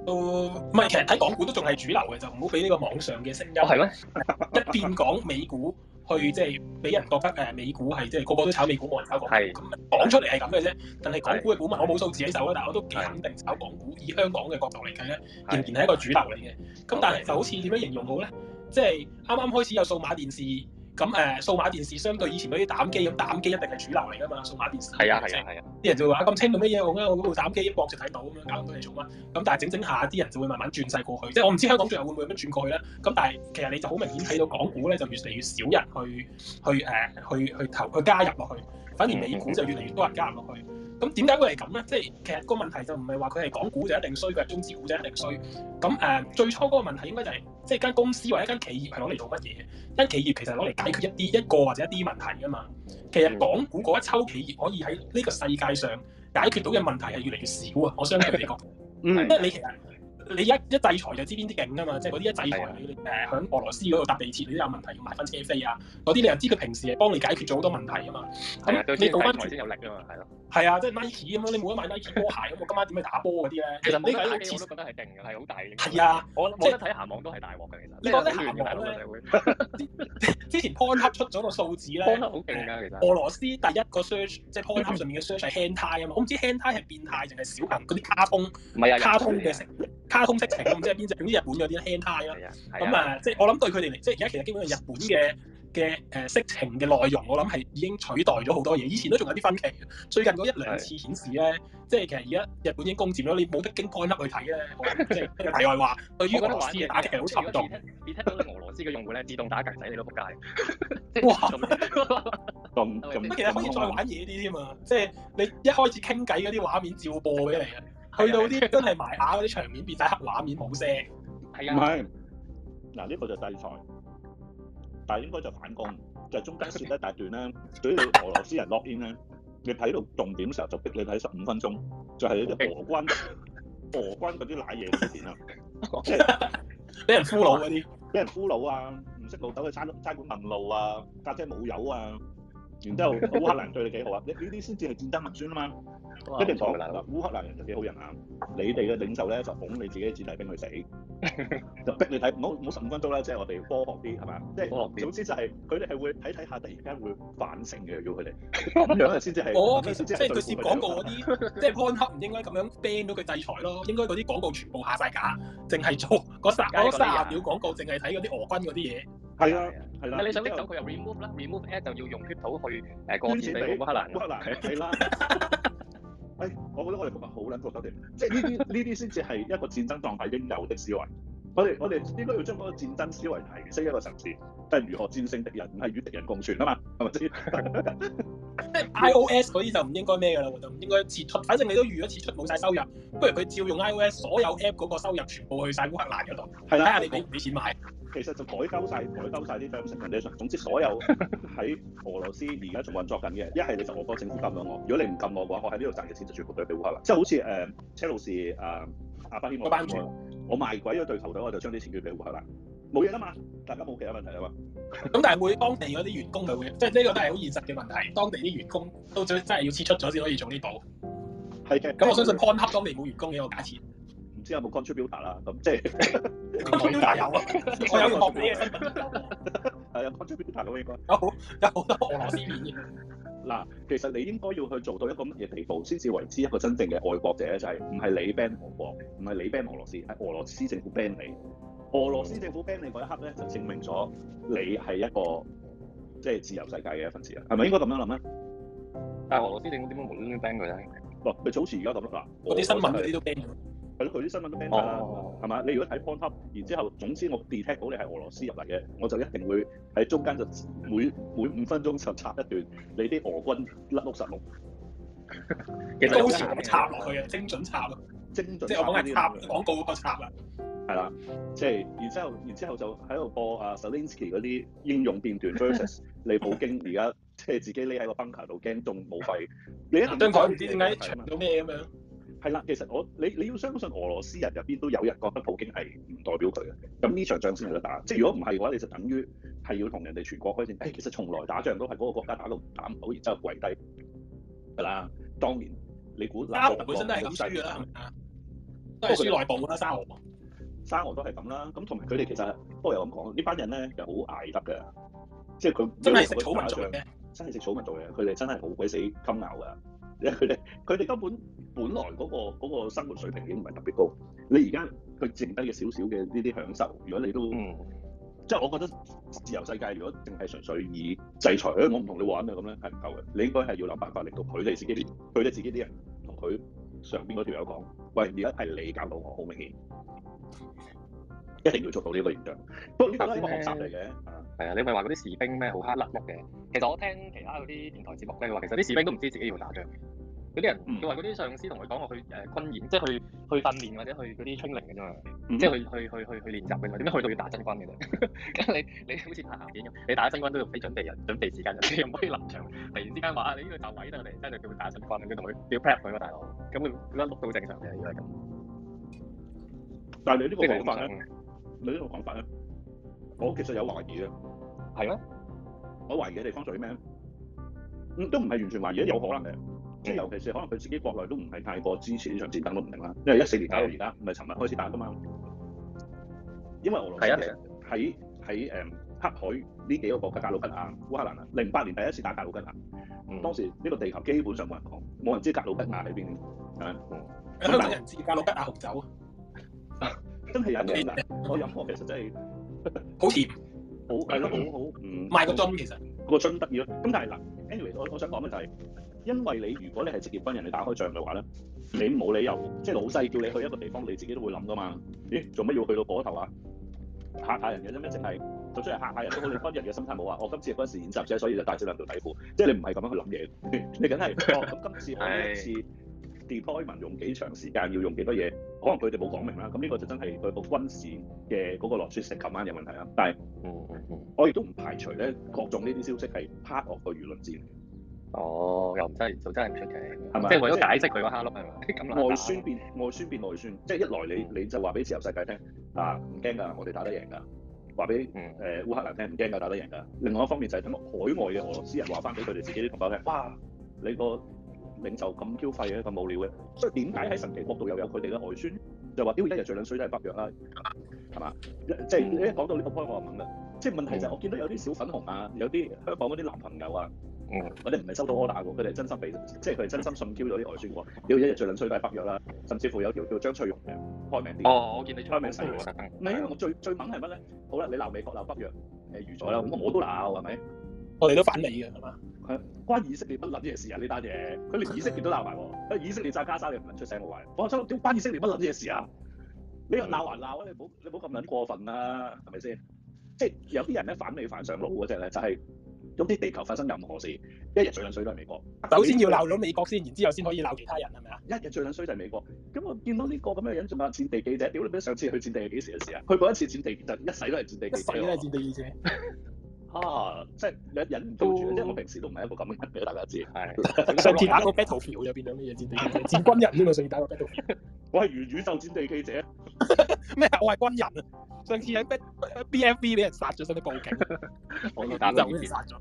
都唔係其實睇港股都仲係主流嘅，就唔好俾呢個網上嘅聲音。哦，係咩？ 一邊講美股。 去即係俾人覺得，誒美股係，即係個個都炒美股冇人炒港股，咁講出嚟係咁嘅啫。但係港股嘅股民，我冇數字喺手啦，但係我都幾肯定炒港股以香港嘅角度嚟計咧，仍然係一個主流嚟嘅。咁但係就好似點樣形容好咧？Okay. 即係啱啱開始有數碼電視。咁誒、呃，數碼電視相對以前嗰啲膽機咁，膽機一定係主流嚟噶嘛，數碼電視咁、係啊、啊。啲、啊啊、人就話咁清到咩嘢？我我嗰部膽機一搏就睇到咁樣，搞咁多嘢做啦。咁但係整整一下，啲人就會慢慢轉曬過去。即係我唔知道香港最後會唔會咁樣轉過去咧。咁但係其實你就好明顯睇到港股咧，就越嚟越少人去去誒、啊、去去投去加入落去，反而美股就越嚟越多人加入落去。嗯嗯嗯。咁點解會係咁咧？即係其實個問題就唔係話佢係港股就一定衰嘅，係中資股就一定衰。咁誒，最初嗰個問題應該就係、是，即係間公司或者一間企業攞嚟做乜嘢？間企業其實攞嚟解決一啲一個或者一啲問題㗎嘛。其實港股嗰一抽企業可以喺呢個世界上解決到嘅問題係越嚟越少啊！我相信你講，因為你其實。你一一制裁就知邊啲勁啊嘛，即係嗰啲一制裁、啊、你誒喺俄羅斯嗰度搭地鐵你都有問題要買翻車飛啊，嗰啲你又知佢平時啊幫你解決咗好多問題啊嘛，咁、啊、你倒翻轉、啊、先有力啊嘛，係咯、啊，係啊，即係 Nike 咁樣，你冇得買 Nike 波鞋咁，我 今晚點去打波嗰啲咧？其實呢個我都覺得係勁嘅，係好大嘅。係啊，啊，我，我即係睇鹹網都係大鑊嘅。其實會。你講啲鹹網咧？之前 Pornhub 出咗個數字咧 p o 好勁㗎，其實。俄羅斯第一個 search 即係 Pornhub 上面嘅 search 係 hand tie 啊嘛， 我唔知 hand tie 係變態定係小行嗰啲卡通，唔係啊，卡通嘅成。 色 情 即係邊隻？總之日本嗰啲啦，hentai 啦。咁啊，即係我諗對佢哋嚟，即係而家其實基本上日本嘅嘅誒色情嘅內容，我諗係已經取代咗好多嘢。以前都仲有啲分歧。最近嗰一兩次顯示咧、啊，即係其實而家日本已經攻佔咗。你冇得經 point up 去睇咧、啊。即係題外話， 對於俄羅斯玩東西打擊好沉重你。你聽到你俄羅斯嘅用戶咧 自動打格仔，你都仆街。哇 還！咁 咁，還 可以再玩嘢啲添啊！即係你一開始傾偈嗰啲畫面照播俾你啊！ 去到啲真係埋下嗰啲場面，是的場面變晒黑畫面冇聲，係啊！唔係嗱，呢、呢個就制裁。但係應該就反攻。就係、中間説一大段咧，主 要俄羅斯人落邊咧，你睇到重點時候就逼你睇十五分鐘，就係啲俄軍、俄軍嗰啲賴嘢點啊，俾人俘虜嗰啲，俾人俘虜啊，唔識路豆去差差館問路啊，架車冇油啊。 然之後烏克蘭對你幾好你啊？你呢啲先至係戰爭文宣啊嘛！一直講烏克蘭人就幾好人啊，你哋嘅領袖咧就捧你自己嘅子弟兵去死， 就逼你睇唔好唔好十五分鐘啦、就是，即係我哋科學啲係嘛？即係總之就係佢哋係會睇睇下，看看突然間會反省嘅，如果佢哋咁樣啊先至係即係佢涉廣告嗰啲，即係 Pornhub 唔應該咁樣 ban 咗佢制裁咯，應該嗰啲廣告全部下晒架，淨係做個三十、 那個三十秒廣告，淨係睇嗰啲俄軍嗰啲嘢。係啦、啊，係啦、啊。但、啊、你想拎走佢又 remove 啦，remove 咧就要用血土去誒割錢俾烏克蘭，烏克蘭係啦。我覺得我哋今日好撚覺得點，即係呢啲呢啲先至係一個戰爭狀態應有的思維。我哋我哋應該要將嗰個戰爭思維提升一個層次，即係如何戰勝敵人，唔係與敵人共存啊嘛，係咪先？I O S 嗰啲就唔應該咩噶啦，我就唔應該撤出。反正你都預咗撤出冇晒收入，不如佢照用 I O S，所有 app 嗰個收入全部去晒烏克蘭嗰度。係睇下你俾唔俾錢買。其實就改鳩晒改鳩曬啲 Foundation。總之所有喺俄羅斯而家仲運作緊嘅，一係你就俄國政府撳我，如果你唔撳我嘅話，我喺呢度賺嘅錢就全部都俾烏克蘭。即係好似誒、呃、車路士啊、呃，阿我班兄、呃。呃呃呃呃呃我賣鬼咗對球隊，我就將啲錢捐俾烏克蘭，冇嘢啦嘛。大家冇其他問題啊嘛。咁 但係每當地嗰啲員工佢會，即係呢個都係好現實嘅問題。當地啲員工都真係要撤出咗先可以做呢度。係嘅。咁我相信 PornHub 當地冇員工嘅一個假設。唔知有冇 contributor 啦、啊？咁即係我有啊，我有個俄羅斯嘅。有 contributor 咯，應該有好有好多俄羅斯片嘅。 嗱，其實你應該要去做到一個乜嘢地步，先至為之一個真正嘅愛國者咧，就係唔係你 ban 俄國，唔係你 ban 俄羅斯，係俄羅斯政府 ban 你。俄羅斯政府 ban 你嗰一刻咧，就證明咗你係一個即係、就是、自由世界嘅一份子啦。係咪應該咁樣諗咧？但，俄羅斯政府點解無端端 ban 佢咧？嗱，咪就好似而家咁啦，嗰啲新聞嗰啲都 ban。係咯，佢啲新聞都聽曬啦，係、哦、嘛？你如果睇 Podcast，然之後總之我 detect 到你係俄羅斯入嚟嘅，我就一定會喺中間就每每五分鐘就插一段你啲俄軍甩碌十六，其實好似咁插落去啊，精準插啊，精準插去精準插即係我講係插廣告個插啦。係啦，即係然之後，然之後就喺度播啊 Zelensky 嗰啲英勇片段 versus 你普京而家 即係自己匿喺個 bunker 度驚中冇費，你一張台唔知點解長到咩咁樣？係啦，其實我你你要相信俄羅斯人入邊都有人覺得普京係唔代表佢嘅，咁呢場仗先有得打。嗯、即係如果唔係嘅話，你就等於係要同人哋全國開戰。誒、哎，其實從來打仗都係嗰個國家打到打唔到，然之後跪低㗎啦。當年你估沙俄本身都係咁輸㗎啦，都係、啊、輸內部啦。沙俄，沙俄都係咁啦。咁同埋佢哋其實都係有咁講，呢、嗯、班人咧又好捱得嘅，即係佢真係食草民做嘅，真係食草民做嘅。佢哋真係好鬼死襟咬㗎。佢哋佢哋根本本來嗰個嗰個生活水平已經唔係特別高，你而家佢剩低嘅少少嘅呢啲享受，如果你都、嗯、即係我覺得自由世界，如果淨係純粹以制裁咧，我唔同你玩啦咁咧，係唔夠嘅。你應該係要諗辦法，令到佢哋自己，佢哋自己啲人同佢上邊嗰條友講：喂，而家係你搞到我，好明顯。一定要做到呢個形象，不過呢個係學習嚟嘅。係啊，你咪係話嗰啲士兵咩好黑甩碌嘅？其實我聽其他嗰啲電台節目咧，佢話其實啲士兵都唔知自己要打仗。有啲人佢話嗰啲上司同佢講話去誒軍演，即係去去訓練或者去嗰啲春練嘅啫嘛，即係去去去去去練習嘅嘛。點解去到要打真軍嘅啫？咁 你你，你好似拍鹹片咁，你打真軍都要俾準備日、準備時間，又唔可以臨場。 突然之間話你個呢個走位啦，你真係叫佢打真軍，你同佢要 p a 佢啊，大佬。咁佢覺碌到正常嘅，如果係咁。但係你個呢部冇你呢個講法咧，我其實有懷疑嘅。係咧、啊，我懷疑嘅地方在咩，嗯，都唔係完全懷疑，有可能嘅。即係 尤其是可能佢自己國內都唔係太過支持呢場戰爭都唔定啦。因為一四年打到而家，唔係尋日開始打噶嘛。因為俄羅斯其實喺喺誒黑海呢幾個國家，格魯吉亞、烏克蘭啊，零八年第一次打格魯吉亞，嗯、當時呢個地球基本上冇人講，冇人知格魯吉亞喺邊。係、嗯、咪？有、嗯、人知格魯吉亞紅酒啊？ 真係飲嘅，okay. 我飲開其實真係好 甜，好係咯，好好唔賣、嗯嗯、個樽其實、那個樽得意咯。咁但係嗱，anyway 我我想講嘅就係，因為你如果你係職業軍人你打開仗嘅話咧，你冇理由即係、就是、老細叫你去一個地方，你自己都會諗噶嘛。咦？做乜要去到嗰頭啊？嚇下人嘅啫咩？即係就算、是、係嚇下人都好，你軍人嘅心態冇啊。 我今次嗰陣時演習啫，所以就帶少兩條底褲。即係你唔係咁樣去諗嘢，你梗係咁今次呢一次 deployment 用幾長時間要用幾多嘢？可能佢哋冇講明啦，咁呢個就真係佢個軍事嘅嗰個落雪石琴晚有問題啦。但係，我亦都唔排除咧各種呢啲消息係 part of 個輿論戰。哦，又唔真係就真係唔出奇，係咪？即係為咗解釋佢個蝦碌係嘛？外宣變外宣變內宣，即係一來你、嗯、你就話俾自由世界聽啊，唔驚㗎，我哋打得贏㗎。話俾誒烏克蘭聽唔驚㗎，打得贏㗎。另外一方面就係等海外嘅俄羅斯人話翻俾佢哋自己啲同胞聽，哇，你個。領袖咁 Q 廢嘅，咁無聊嘅，所以點解喺神奇國度又有佢哋嘅外孫？就話屌，一日聚兩水都係北約啦，係嘛、嗯？即係你一講到呢個 point，我就問啦，即係問題就係、是嗯、我見到有啲小粉紅啊，有啲香港嗰啲男朋友啊，嗰啲唔係收到 order 嘅，佢哋真心俾，即係佢哋真心信 Q 咗啲外孫喎。屌，一日聚兩水都係北約啦，甚至乎有條叫張翠容嘅開名啲。哦，我見你開名細喎，唔、嗯、係、因為，我最最猛係乜咧？好啦，你鬧美國鬧北約預咗啦，咁我我都鬧，係咪？我哋都反美嘅，係嘛？係關以色列乜撚嘢事啊？呢單嘢佢連以色列都鬧埋喎，以色列炸加沙，你唔能出聲，我懷疑。我話出，點關以色列乜撚嘢事啊？你又鬧還鬧啊！你唔好你唔好咁撚過分啦，係咪先？即係有啲人咧反美反上腦嗰隻咧，就係咁啲地球發生任何事，嗯、一日最撚衰都係美國。首先要鬧到美國先，然之後先可以鬧其他人，係咪啊？一日最撚衰就係美國。咁我見到呢個咁嘅樣，仲有戰地記者，屌你，俾上次去戰地係幾時嘅事啊？去過一次戰地，就一世都係戰地記者。一世都係戰地記者。 啊，即係忍唔住，即係我平時都唔係一個咁嘅人，俾大家知。係 上次打個 battle field 又變咗咩嘢戰地戰軍人咁啊？上次打個 battle， 我係元宇宙戰地記者咩啊？ 我係軍人啊！上次喺 BFB 俾人殺咗，先得報警。 我哋打到俾人殺咗。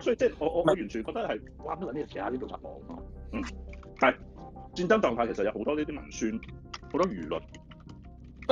所以即係我我完全覺得係哇！呢啲其實係呢度失望。嗯，係戰爭狀態其實有好多呢啲文宣，好多輿論。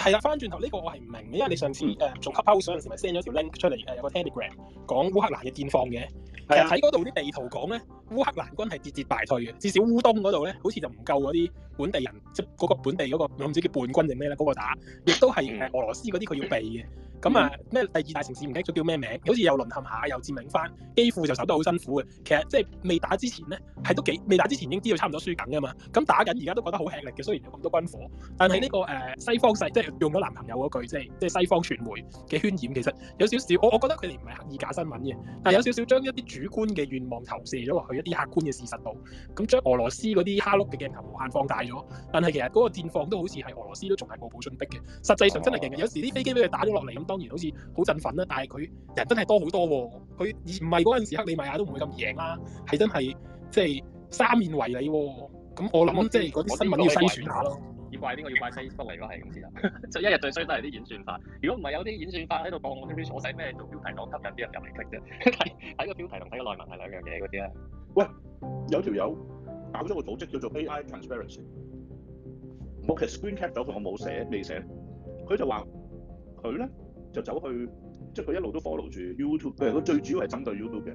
係啦，翻轉頭呢、呢個我係唔明嘅，因為你上次誒、嗯呃、做 post 嗰陣時，咪 send 咗條 link 出嚟，誒、呃、有個 telegram 講烏克蘭嘅戰況嘅。其實，喺嗰度啲地圖講咧，烏克蘭軍係節節敗退嘅。至少烏東嗰度咧，好似就唔夠嗰啲本地人，即係嗰個本地嗰、嗰個我唔知叫叛軍定咩咧，嗰、嗰個打，亦都係誒俄羅斯嗰啲佢要避嘅。咁、嗯、啊咩第二大城市唔記得咗叫咩名，好似又淪陷下，又佔領翻，幾乎就守得好辛苦嘅。其實即係未打之前咧，係都幾未打之前已經知道差唔多輸緊㗎嘛。咁打緊而家都覺得好吃力嘅，雖然有咁多軍火，但係呢、呢個誒、呃、西方勢即用咗男朋友嗰句，即係即係西方傳媒嘅渲染，其實有少少，我我覺得佢哋唔係刻意假新聞嘅，但係有少少將一啲主觀嘅願望投射咗落去一啲客觀嘅事實度。咁將俄羅斯嗰啲蝦碌嘅鏡頭無限放大咗，但係其實嗰個戰況都好似係俄羅斯都仲係步步進逼嘅。實際上真係，其、啊、實有時啲飛機俾佢打咗落嚟，咁當然好似好振奮啦。但係佢人真係多好多喎。佢唔係嗰陣時克里米亞都唔會咁易贏啦，係真係即係三面圍你。咁我諗即係嗰啲新聞要篩選下咯。怪邊個要怪 Facebook 嚟？如果係咁先啦，就一日最衰都係啲演算法。如果唔係有啲演算法喺度當我唔知我使咩做標題我吸引啲人入嚟 click 啫。睇 睇個標題同睇個內文係兩樣嘢嗰啲啦。喂，有條友搞咗個組織叫做 AI Transparency。我其實 Screen Cap 咗佢我冇寫、嗯，未寫。佢就話佢咧就走去，即係佢一路都 follow 住 YouTube。佢係佢最主要係針對 YouTube。嘅。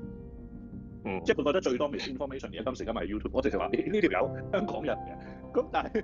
嗯，即係佢覺得最多 misinformation 嘅。家 今時今日 YouTube 我。我直情話呢條友香港人嘅。咁但係。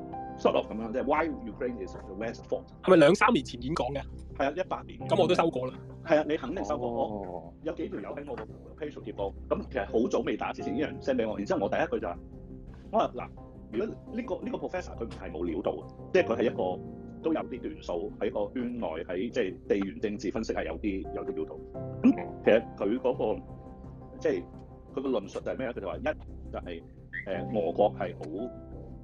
s h o 咁樣即係 why Ukraine is the West's fault 係咪兩三年前演講嘅？係啊，一八年。咁我都收過啦。係啊，你肯定收過。我有幾條友喺我 page 上貼到。咁其實好早未打之前，依人 send 俾我，然之後我第一句就係我話嗱，如果呢個呢個 professor 佢唔係冇料到嘅，即係佢係一個都有啲段數喺個圈內，喺即係地緣政治分析係有啲有啲料到。咁其實佢嗰個即係佢個論述就係咩咧？佢就話一就係誒俄國係好。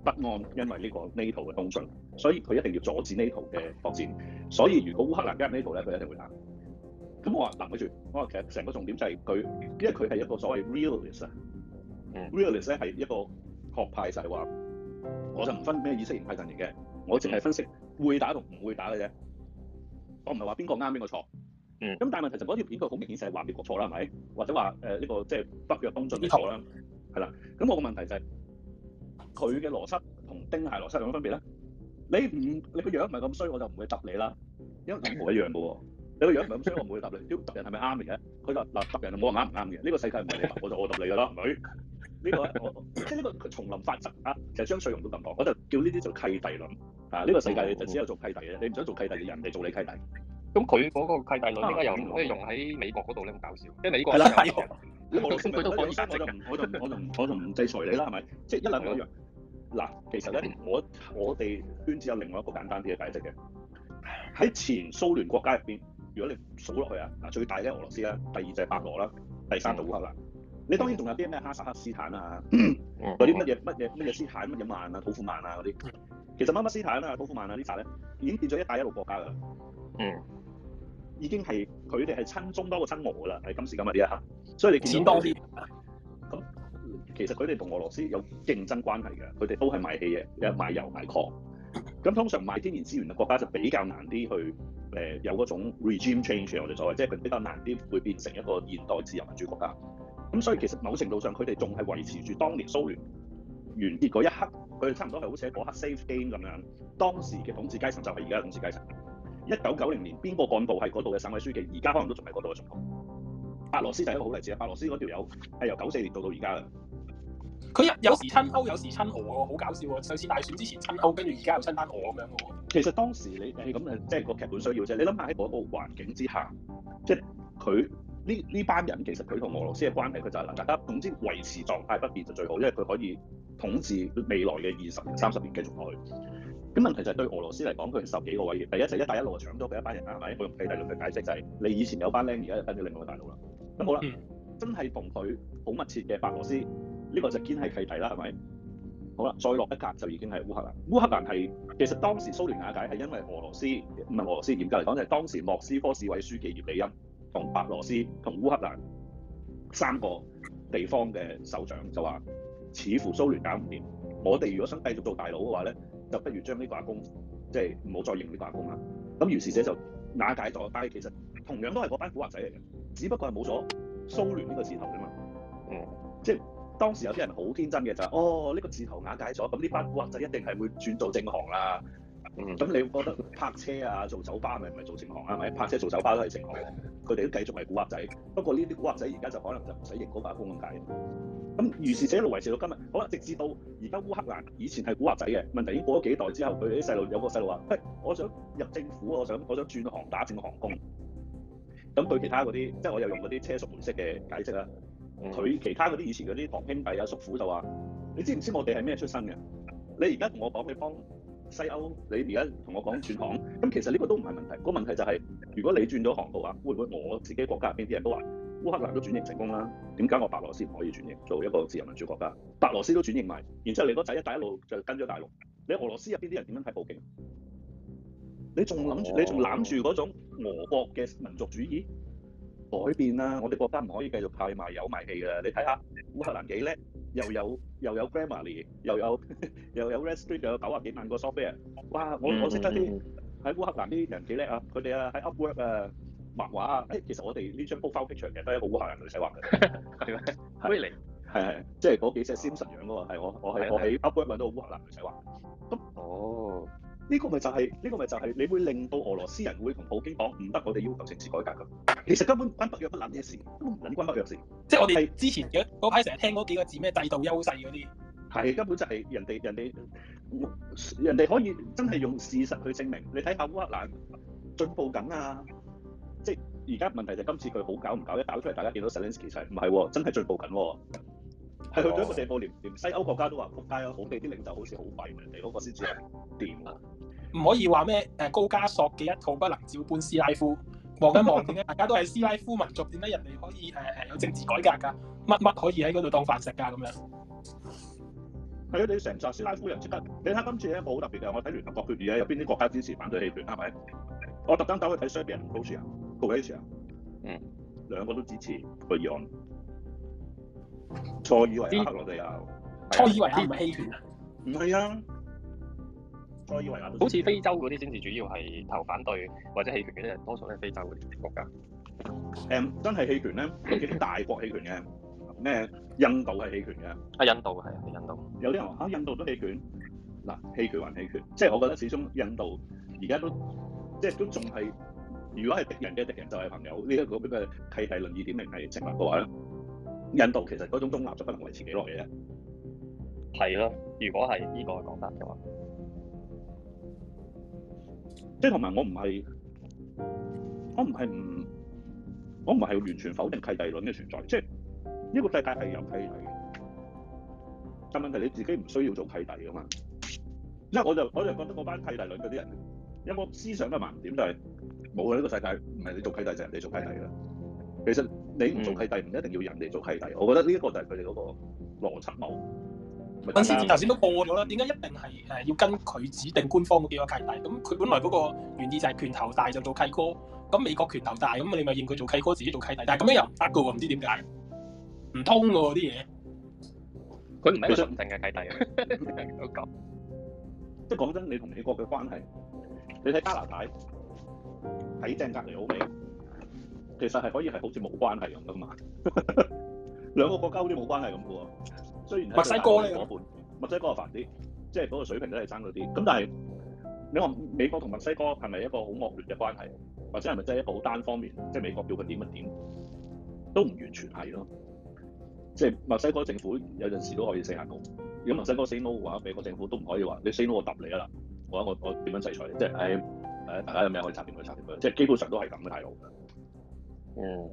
不安，因為呢個 NATO 嘅東進，所以佢一定要阻止 NATO 嘅擴展。所以如果烏克蘭加入 NATO 咧，佢一定會打。咁我話嗱，佢住，我話其實成個重點就係佢，因為佢係一個所謂 realist 啊、嗯。realist 咧係一個學派就係話，我就唔分咩意識形態陣營嘅，我淨係分析會打同唔會打嘅啫。我唔係話邊個啱邊個錯。嗯。咁但係問、呃這個、問題就嗰條片佢好明顯就係話美國錯啦，係咪？或者話誒呢個即係北約東進嘅錯啦？係啦。咁我個問題就係。佢嘅邏輯同丁蟹嘅邏輯有咩分別咧？你唔你個樣唔係咁衰，我就唔會揼你啦。因為一模一樣嘅喎、哦，你個樣唔係咁衰，我唔會揼你。要揼人係咪啱嘅？佢話嗱，揼人冇話啱唔啱嘅。呢、呢個世界唔係你揼我就、呢個、我揼你嘅咯。女、呢、呢個即係呢個叢林法則啊，其實張翠容都咁講。我就叫呢啲做契弟論啊。呢、呢個世界就只有做契弟嘅，你唔想做契弟嘅人哋做你契弟。咁佢嗰個契弟論又可以用喺美國嗰度咧？你搞笑。即係美國係啦，美國咁佢都可我就唔我就我就唔我就制裁你啦，係咪？即係、 就係、一模一樣。嗱，其實咧，我我哋圈子有另外一個簡單啲嘅解釋嘅。喺前蘇聯國家入邊，如果你數落去啊，嗱，最大咧俄羅斯啦，第二就係白俄啦，第三就烏克蘭。你當然仲有啲咩哈薩克斯坦啊，嗰啲乜嘢乜嘢乜嘢斯坦乜嘢曼啊，啊，土庫曼啊嗰啲。其實乜乜斯坦啦、土庫曼啊呢扎咧，已經變咗一帶一路國家噶啦。嗯。已經係佢哋係親中多過親俄噶啦，喺今時今日呢一下。所以你錢多啲。其實佢哋同俄羅斯有競爭關係嘅，佢哋都係賣氣嘅，賣油賣礦。咁通常賣天然資源嘅國家就比較難啲去誒、呃、有嗰種 regime change，我哋所謂，即係比較難啲會變成一個現代自由民主國家。咁所以其實某程度上佢哋仲係維持住當年蘇聯完結嗰一刻，佢哋差唔多係好似喺嗰刻 safe game 咁樣。當時嘅統治階層就係而家嘅統治階層。一九九零年邊個幹部係嗰度嘅省委書記，而家可能都仲係嗰度嘅總統。白羅斯就係一個好例子啦。白羅斯嗰條友係由九四年到到而家。佢有時親歐，有時親俄喎，好搞笑喎！上次大選之前親歐，跟住而家又親翻俄咁樣喎。其實當時你你咁誒，即係個劇本需要啫。你諗下喺嗰個環境之下，即係佢呢呢班人其實佢同俄羅斯嘅關係，佢就係能大家總之維持狀態不變就最好，因為佢可以統治未來嘅二十年、三十年繼續落去。咁問題就係對俄羅斯嚟講，佢十幾個位，嘅。第一就係一帶一路搶咗畀一班人啦，係咪？我用費大倫嘅解釋就係、是：你以前有班僆，而家就跟咗另外個大佬啦。咁好啦，mm -hmm. 真係同佢好密切嘅白俄羅斯。呢、這個就堅係契弟啦，係咪好啦？再落一格就已經係烏克蘭。烏克蘭係其實當時蘇聯瓦解係因為俄羅斯唔係俄羅斯，嚴格嚟講就係、是、當時莫斯科市委書記葉利欽同白羅斯同烏克蘭三個地方嘅首長就話，似乎蘇聯搞唔掂，我哋如果想繼續做大佬嘅話咧，就不如將呢個阿公即係唔好再認呢個阿公啦。咁於是者就瓦解咗，但係其實同樣都係嗰班古惑仔嚟嘅，只不過係冇咗蘇聯呢個字頭啫嘛。嗯，即係。當時有啲人好天真嘅就係，哦呢個字頭瓦解咗，咁呢班古惑仔一定係會轉做正行啦。咁你會覺得泊車啊，做酒吧咪唔係做正行啊？咪泊車做酒吧都係正行，佢哋都繼續係古惑仔。不過呢啲古惑仔而家就可能就唔使認古惑風咁解。咁如是者一路維持到今日，好啦，直至到而家烏克蘭以前係古惑仔嘅問題，已經過咗幾代之後，佢哋啲細路有個細路話：喂，我想入政府，我想我想轉行打正行工。咁對其他嗰啲，即係我又用嗰啲車屬模式嘅解釋啦。佢其他嗰啲以前嗰啲堂兄弟啊、叔父，就話：你知唔知我哋係咩出身嘅？你而家同我講你幫西歐，你而家同我講轉行，咁其實呢個都唔係問題。個問題就係如果你轉咗行嘅話，會唔會我自己國家入邊啲人都話烏克蘭都轉型成功啦？點解我白羅斯唔可以轉型做一個自由民主國家？白羅斯都轉型埋，然之後你個仔一帶一路就跟咗大陸。你俄羅斯入邊啲人點樣睇報警？你仲諗住你仲攬住嗰種俄國嘅民族主義？改變啦！我哋國家唔可以繼續派賣有賣氣嘅。你睇下烏克蘭幾叻，又有又有 Grammarly，又有又有 Restream 有九啊幾萬個 software。哇！我、嗯、我識得啲喺烏克蘭啲人幾叻啊！佢哋啊喺 Upwork 啊畫畫啊。誒，其實我哋呢張 book cover picture 其實都係一個烏克蘭女仔畫嘅，係咩？係咪嚟？係即係嗰幾隻仙神樣啊嘛。係我我係我喺 Upwork 嗰度烏克蘭女仔畫。咁哦。呢、這個咪就係、是、呢、這個咪就係你會令到俄羅斯人會同普京講唔得，我哋要求政治改革㗎。其實根本關北約不撚啲事，根本唔撚關北約事。即係我哋係之前嘅嗰排成日聽嗰幾個字咩制度優勢嗰啲，係根本就係人哋人哋人哋可以真係用事實去證明。你睇下烏克蘭進步緊啊！即係而家問題就係今次佢好搞唔搞一搞出嚟大家見到 Selensky 其實唔係喎，真係進步緊喎、啊。係去到一個地步，連連，西歐國家都話撲街啊。好地啲領袖好似好廢，人哋嗰個先至係掂啊！唔可以話咩誒高加索嘅一套不能照搬斯拉夫。望緊望，點解大家都係斯拉夫民族，點解人哋可以誒誒、啊、有政治改革㗎？乜乜可以喺嗰度當飯食㗎？咁樣係啊！你成集斯拉夫人出得。你睇今次嘅冇好特別嘅，我睇聯合國決議咧，有邊啲國家支持反對棄權？係咪？我特登走去睇 Serbia、Bosnia，佢幾時啊？嗯，兩個都支持去議案。錯以為黑， 我哋又錯以為啲唔係棄權啊？唔係啊，錯以為好似非洲嗰啲先至主要係投反對或者棄權嘅，即係多數都係非洲嗰啲國家。誒、嗯，真係棄權咧？有啲大國棄權嘅，咩 印度係棄權嘅？啊，印度係啊，印度。有啲人話啊，印度都棄權。嗱、啊，棄權還棄權，即係我覺得始終印度而家都即係都仲係，如果係敵人嘅敵人就係朋友，呢、這、一個咁嘅契弟論二點零係成立嘅話咧。 印度其實嗰種中立就不能維持幾耐嘅，係咯。如果係呢個講法嘅話，即係同埋我唔係，我唔係我唔係完全否定契弟論嘅存在。即係呢個世界係有契弟嘅，但問題你自己唔需要做契弟㗎嘛。因為我就我就覺得嗰班契弟論嗰啲人，有冇思想嘅盲點就係但係冇啊！呢個世界唔係你做契弟就係人哋做契弟啦，就是。其實。你唔做，做契弟，唔一定要人哋做契弟。我覺得呢一個就係佢哋嗰個邏輯謬。粉絲頭先都播咗啦，點解一定係誒要跟佢指定官方嗰幾個契弟？咁佢本來嗰個原意就係拳頭大就做契哥，咁美國拳頭大，咁你咪認佢做契哥，自己做契弟。但係咁樣又唔得嘅，唔知點解唔通喎啲嘢。佢唔係一個純正嘅契弟啊。即係講真，你同美國嘅關係，你睇加拿大喺正隔離好咩？其實係可以係好似冇關係咁噶嘛， 兩個國家好似冇關係咁噶喎。雖然係老嘅夥伴，墨西哥，墨西哥就煩啲，即係嗰個水平都係爭到啲。咁但係你話美國同墨西哥係咪一個好惡劣嘅關係，或者係咪真係一個好單方面，即係美國叫佢點乜點，都唔完全係咯。即係墨西哥政府有陣時都可以 say no。如果墨西哥 say no 嘅話，美國政府都唔可以話你 say no 我揼你啊啦。我我我點樣制裁你？即係誒誒，大家有咩可以插掂佢插掂佢，即係基本上都係咁嘅態度。嗯，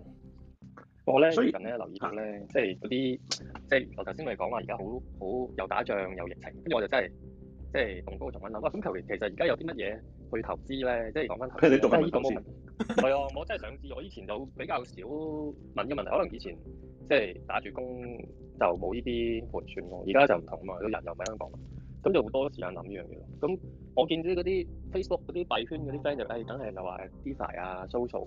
我咧最近咧留意到咧，即係嗰啲，即係我頭先咪講話，而家好好又打仗又疫情，跟住我就真係，即係從嗰個角度諗，咁求其其實而家有啲乜嘢去投資咧？即係講翻投資，係啊！ 我真係想知，我以前就比較少問嘅問題，可能以前即係打住工就冇呢啲盤算咯，而家就唔同啊嘛，人又唔喺香港，咁就會多時間諗呢樣嘢咯。咁我見啲啲 Facebook 嗰啲幣圈嗰啲 friend 就誒，梗係就話 DeFi 啊，Social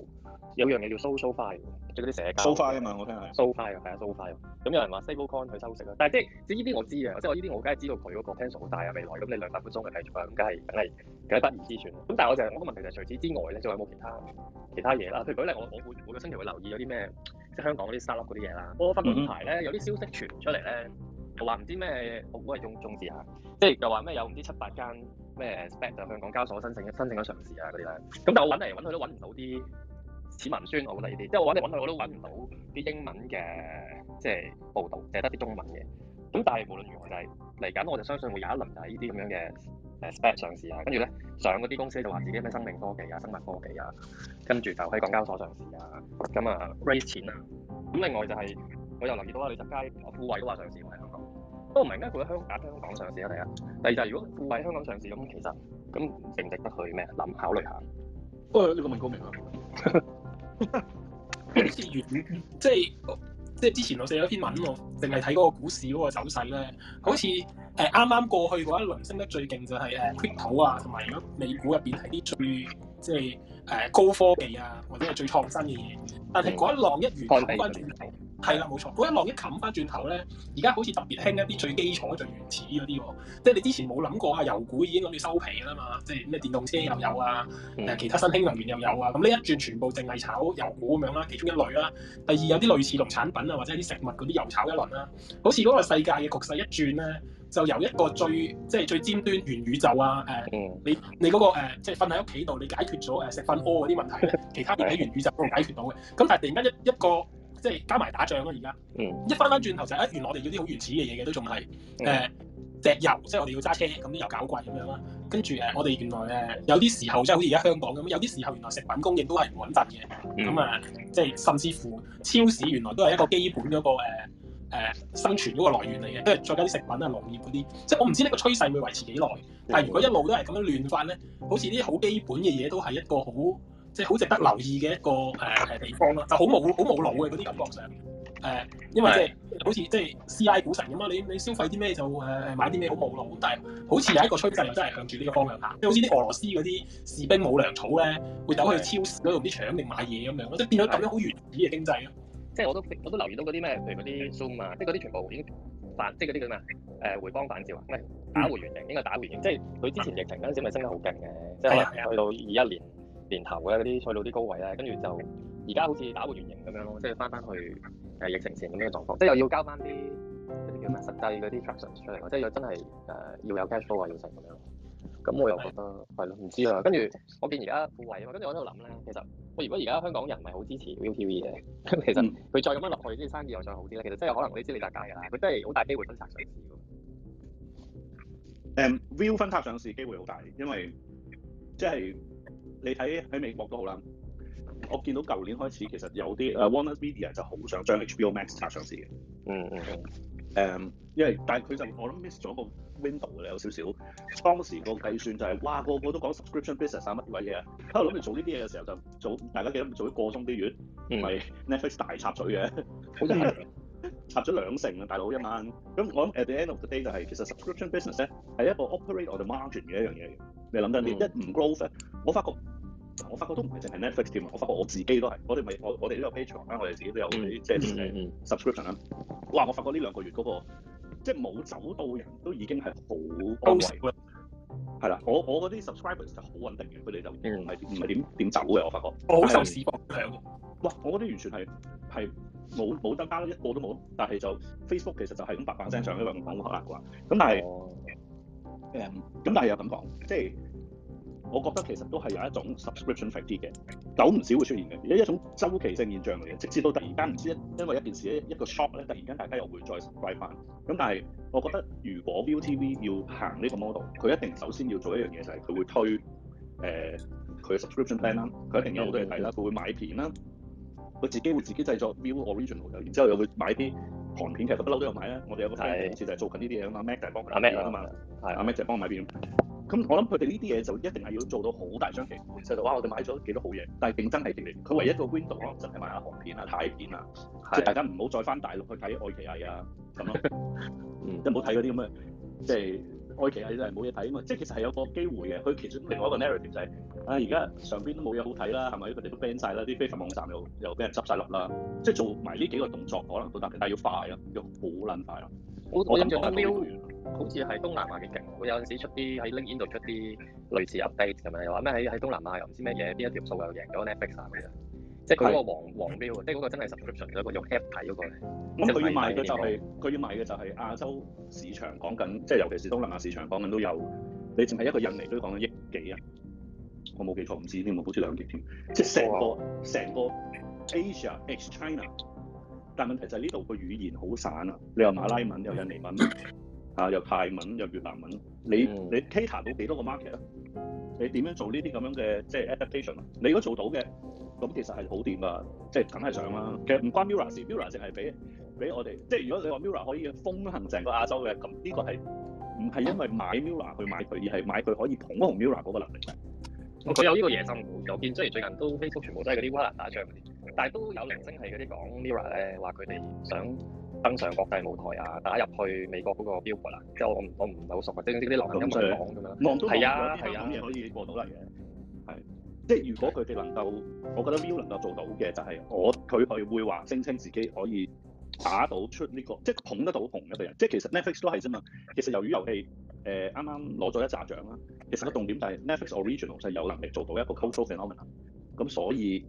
有樣嘢叫 SoFi，即係嗰啲社交。SoFi 啊嘛，我聽下。SoFi 係啊，SoFi。咁有人話 Stablecoin 去收息啦，但係即係至於呢啲我知啊。即係我呢啲我梗係知道佢嗰個 pencil 好大啊，未來咁你兩百分鐘就繼續啊，咁梗係梗係梗係不二之選。咁但係我就係我個問題就係、是、除此之外咧，仲有冇其他其他嘢啦？譬如舉例，我我每每個星期會留意有啲咩，即係香港嗰啲 Startup 嗰啲嘢啦。我發覺近排咧有啲消息傳出嚟咧。又話唔知咩我估係中中字啊。即係又話咩有唔知七八間咩 SPAC 啊，向港交所申請申請咗上市啊嗰啲咧。咁但係我揾嚟揾去都揾唔到啲市民宣，我覺得依啲，即係我揾嚟揾去我都揾唔到啲英文嘅，即係報道，淨係得啲中文嘅。咁但係無論如何就係嚟緊，我就相信會有一輪就係呢啲咁樣嘅誒 SPAC 上市啊。跟住咧上嗰啲公司就話自己咩生命科技啊、生物科技啊，跟住就喺港交所上市啊。咁啊 raise 錢啊。咁另外就係、是、我又留意到啊，李澤楷啊，富衛都話上市。都唔明咧，佢喺香亞香港上市啊！第一，第二就係如果唔喺香港上市，咁其實咁值唔值得去咩諗考慮下？不、哎、誒，呢、呢個問高明啊！好似完，即係即係之前我寫咗篇文，我淨係睇嗰個股市嗰個走勢咧，好似誒啱啱過去嗰一輪升得最勁就係誒 Crypto 啊，同埋如果美股入邊係啲最即係誒、啊、高科技啊，或者係最創新嘅嘢，但係嗰一浪一完，嗰一種。係啦，冇錯。嗰一浪一冚翻轉頭咧，而家好似特別興一啲最基礎、最原始嗰啲喎。即係你之前冇諗過啊，油股已經諗住收皮啦嘛。即係咩電動車又有啊，誒、嗯、其他新興能源又有啊。咁呢一轉，全部淨係炒油股咁樣啦，其中一類啦、啊。第二有啲類似農產品啊，或者啲食物嗰啲又炒一輪啦、啊。好似嗰個世界嘅局勢一轉咧，就由一個最即係最尖端元宇宙啊，誒、嗯，你你嗰、嗰個即係瞓喺屋企度，呃就是、你解決咗誒食飯屙嗰啲問題， 其他嘢喺元宇宙都解決到嘅。咁但係突然間一一個。即係加埋打仗啊、嗯！而家一翻翻轉頭就係，原來我哋要啲好原始嘅嘢嘅，都仲係誒石油，即係我哋要揸車咁啲油搞貴咁樣啦。跟住誒，我哋原來誒有啲時候，即係好似而家香港咁，有啲時候原來食品供應都係唔穩陣嘅。咁啊，即係甚至乎超市原來都係一個基本嗰個誒誒生存嗰個來源嚟嘅。跟住再加啲食品啊、農業嗰啲，即係我唔知呢個趨勢會維持幾耐。但係如果一路都係咁樣亂翻咧，好似呢啲好基本嘅嘢都係一個好。即係好值得留意嘅一個誒誒地方咯，就好冇好冇腦嘅嗰啲感覺上，誒因為即係好似即係 C.I. 股神咁啊！你你消費啲咩就誒買啲咩好冇腦，但係好似有一個趨勢真係向住呢個方向行，即係好似啲俄羅斯嗰啲士兵冇糧草咧，會走去超市嗰度啲搶嚟買嘢咁樣，即係變咗咁樣好原始嘅經濟咯。即係我都我都留意到嗰啲咩，譬如嗰啲 Zoom 啊，即係嗰啲全部已經反，即係嗰啲叫咩誒回光返照啊？咩打回原形？應該打回原形。即係佢之前疫情嗰陣、嗯、時咪升得好勁嘅，即係去到二一年。年頭咧嗰啲賽道啲高位咧，跟住就而家好似打、就是、回原形咁樣咯，即係翻翻去誒疫情前咁樣嘅狀況，即係又要交翻啲嗰啲叫咩實際嗰啲 traction 出嚟，即係又真係誒要有 cash flow 啊要成咁樣。咁我又覺得係咯，唔知啊。跟住我見而家固位啊嘛，跟住我喺度諗咧，其實我如果而家香港人唔係好支持 ViuTV 嘅，咁其實佢再咁樣落去，啲生意又再好啲咧，其實真係可能我哋知你大家噶啦，佢真係好大機會分拆上市。誒、um,，Viu 分拆上市機會好大，因為即係。就是你睇喺美國都好啦，我見到舊年開始其實有啲誒、mm. uh, WarnerMedia 就好想將 HBO Max 插上市嘅。嗯嗯。誒，因為但係佢就我諗 miss 咗個 window 㗎有少少。當時個計算就係、是、哇，嘩個個都講 subscription business 啊乜鬼嘢啊，喺度諗住做呢啲嘢嘅時候就做，大家記得做啲過中啲嘢，唔、mm. 係 Netflix 大插嘴嘅。Mm. 插咗兩成啊，大佬一晚。咁我諗 at the end of the day 就係、是、其實 subscription business 咧係一個 operate on the margin 嘅一樣嘢嚟。你諗真啲，一唔 grow 咧，我發覺我發覺都唔係淨係 Netflix 添，我發覺我自己都係，我哋咪我我哋都有 pay 牆啦，我哋自己都有啲即係 subscription 啦。 哇！我發覺呢兩個月嗰，那個即係冇走到人都已經係好安慰。係 啦，我我嗰啲 subscribers 就好穩定嘅，佢哋就唔係唔係點點走嘅。我發覺。我好受市場強。哇！我嗰啲完全係係。冇冇得加，一個都冇。但係就 Facebook 其實就係咁白板聲上一輪講好難啩。咁但係誒，咁、哦嗯、但係又咁講，即係我覺得其實都係有一種 subscription fatigue 嘅，久唔少會出現嘅，而係一種周期性現象嚟嘅。直至到突然間唔知因為一件事一個 shop 咧突然間大家又會再 subscribe 翻。咁但係我覺得如果 ViuTV 要行呢個 model，佢一定首先要做一樣嘢就係、是、佢會推誒佢嘅 subscription plan，啦，佢、呃、一定有好多嘢睇啦，佢會買片啦。佢自己會自己製作 Viu Original，又然之後又會買啲韓片，其實，不嬲都有買啦，我哋有個 fans 就係做緊呢啲嘢啊嘛，阿 Mac 就係幫佢買啊嘛，係阿 Mac 就係幫我買片。咁我諗佢哋呢啲嘢就一定係要做到好大張旗鼓勢度。哇！我哋買咗幾多好嘢，但係競爭係激烈。佢唯一個 window 啊，真係買下韓片啊、泰片啊，即係大家唔好再翻大陸去睇愛奇藝啊咁咯。嗯，即係唔好睇嗰啲咁嘅，即係。我其實係冇嘢睇啊嘛，即係其實係有個機會嘅。佢其實另外一個 narrative 就係、是，啊而家上邊都冇嘢好睇啦，係咪？佢哋都 ban 晒啦，啲非法網站又又俾人執晒笠啦。即係做埋呢幾個動作，可能都得嘅，但係要快啊，要很好撚快啊。我印象得秒完，好似係東南亞嘅勁。我有陣時出啲喺 LinkedIn 度出啲類似 update 咁樣，又話咩喺喺東南亞又唔知咩嘢，邊一條數又贏咗 Netflix 啊即係嗰個黃黃標即係嗰個真係 subscription，就個用 app 睇嗰、那個。咁佢要賣嘅就係、是、佢要賣嘅就係、是那個就是、亞洲市場講緊，即係尤其是東南亞市場講緊都有。你淨係一個印尼都講緊億幾啊？我冇記錯唔知添好似兩億添、哦。即係成個成個 Asia ex China。但係問題就係呢度個語言好散啊！你話馬拉文又印尼文、嗯、啊，又泰文又越南文，你你 cater 到幾多個 market 啊？你點樣做呢啲咁樣嘅即係 adaptation 啊？你如果做到嘅。咁其實係好掂㗎，即係梗係上啦。其實唔關 MIRROR 事，MIRROR 淨係俾俾我哋。即係如果你話 MIRROR 可以風行成個亞洲嘅，咁呢個係唔係因為買 MIRROR 去買佢，而係買佢可以捧紅 MIRROR 嗰個能力。我佢有呢個野心㗎。我即雖最近都 Facebook 全部都係嗰啲烏克蘭打仗嗰啲，但係都有零星係嗰啲講 MIRROR 咧，話佢哋想登上國際舞台啊，打入去美國嗰個標榜啦。即係我我唔我唔係好熟嘅，即啲流行音上網咁樣。都係啊係啊，啲嘢可以過到嚟嘅。即係如果佢哋能夠，我覺得 View 能夠做到嘅就係我佢佢會話聲稱自己可以打到出呢、這個，即係捧得到紅一個人。即係其實 Netflix 都係啫嘛。其實由於遊戲誒啱啱攞咗一紮獎啦，其實個重點就係 Netflix Original 就係有能力做到一個 cultural phenomenon。咁所以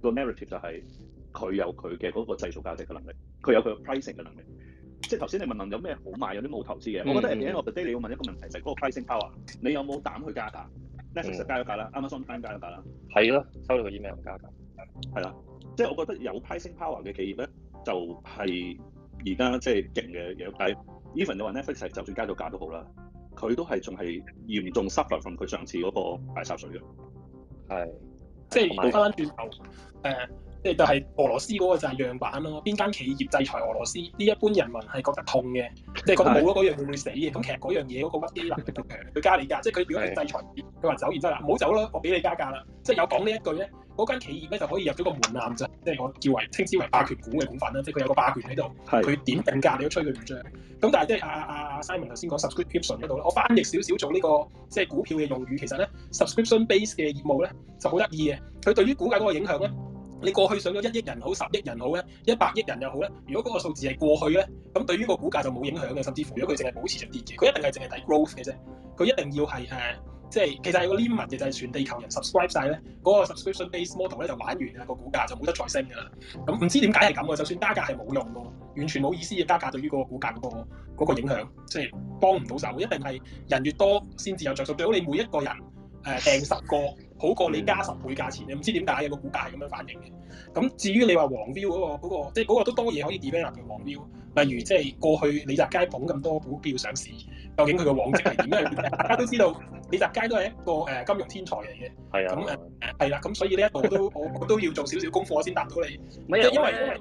個 narrative 就係、是、佢有佢嘅嗰個製造價值嘅能力，佢有佢嘅 pricing 嘅能力。即係頭先你問問有咩好賣，有啲冇投資嘅、嗯。我覺得 everyday 你要問一個問題就係、是、嗰個 pricing power，你有冇膽去加價？Netflix 加咗價啦，Amazon Prime 加咗價啦，係咯，收你個 email 加價，係啦，即係我覺得有 pricing power 嘅企業咧，就係而家即係勁嘅嘢。但係 Even 你話 Netflix 就算加咗價都好啦，佢都係仲係嚴重 suffer from 佢上次嗰個大插水㗎，係，即係翻翻轉頭、呃即係就係俄羅斯嗰個就係樣板咯、啊。邊間企業制裁俄羅斯，呢一般人民係覺得痛嘅、那個，即係覺得冇咗嗰樣會唔會死嘅？咁其實嗰樣嘢嗰個屈機能力嘅佢加你價，即係佢如果係制裁，佢話走完之後啦，唔好走咯，我俾你加價啦。即係有講呢一句咧，嗰間企業咧就可以入咗個門檻啫。即、就、係、是、我叫為稱之為霸權股嘅股份啦。即係佢有個霸權喺度，佢點定價你都吹佢唔漲。咁但係即係阿阿 Simon 頭先講 subscription 嗰度咧，我翻譯少少做呢、這個即係、就是、股票嘅用語，其實咧 subscription base 嘅業務咧就好得意嘅。佢對於股價嗰個影響咧。你過去上咗一億人好，十億人好咧，一百億人又好咧，如果嗰個數字係過去咧，咁對於個股價就冇影響嘅，甚至乎如果佢淨係保持著跌嘅，佢一定係淨係低 growth 嘅啫，佢一定要係誒，即、呃、係、就是、其實有個 limit 嘅，就係、是、全地球人 subscribe 曬咧，嗰、那個 subscription base model 咧就玩完啦，個股價就冇得再升噶啦。咁唔知點解係咁喎？就算加價係冇用咯，完全冇意思嘅加價對於個股價嗰個影響，即、就、係、是、幫唔到手，一定係人越多先至有着數。最好你每一個人誒、呃、訂十個。好過你加十倍價錢，你唔、嗯、知點解有個股價係咁樣反應嘅？咁至於你話黃 Viu 嗰個，即係嗰個都多嘢可以 develop 嘅。黃 Viu 例如，即係過去李澤楷捧咁多股票上市，究竟佢嘅往績係點樣？ 大家都知道李澤楷都係一個誒金融天才嚟嘅，係 啊那，咁係啦，咁所以呢一度我都我，我都要做少少功課先答到你。唔係啊、就是，因為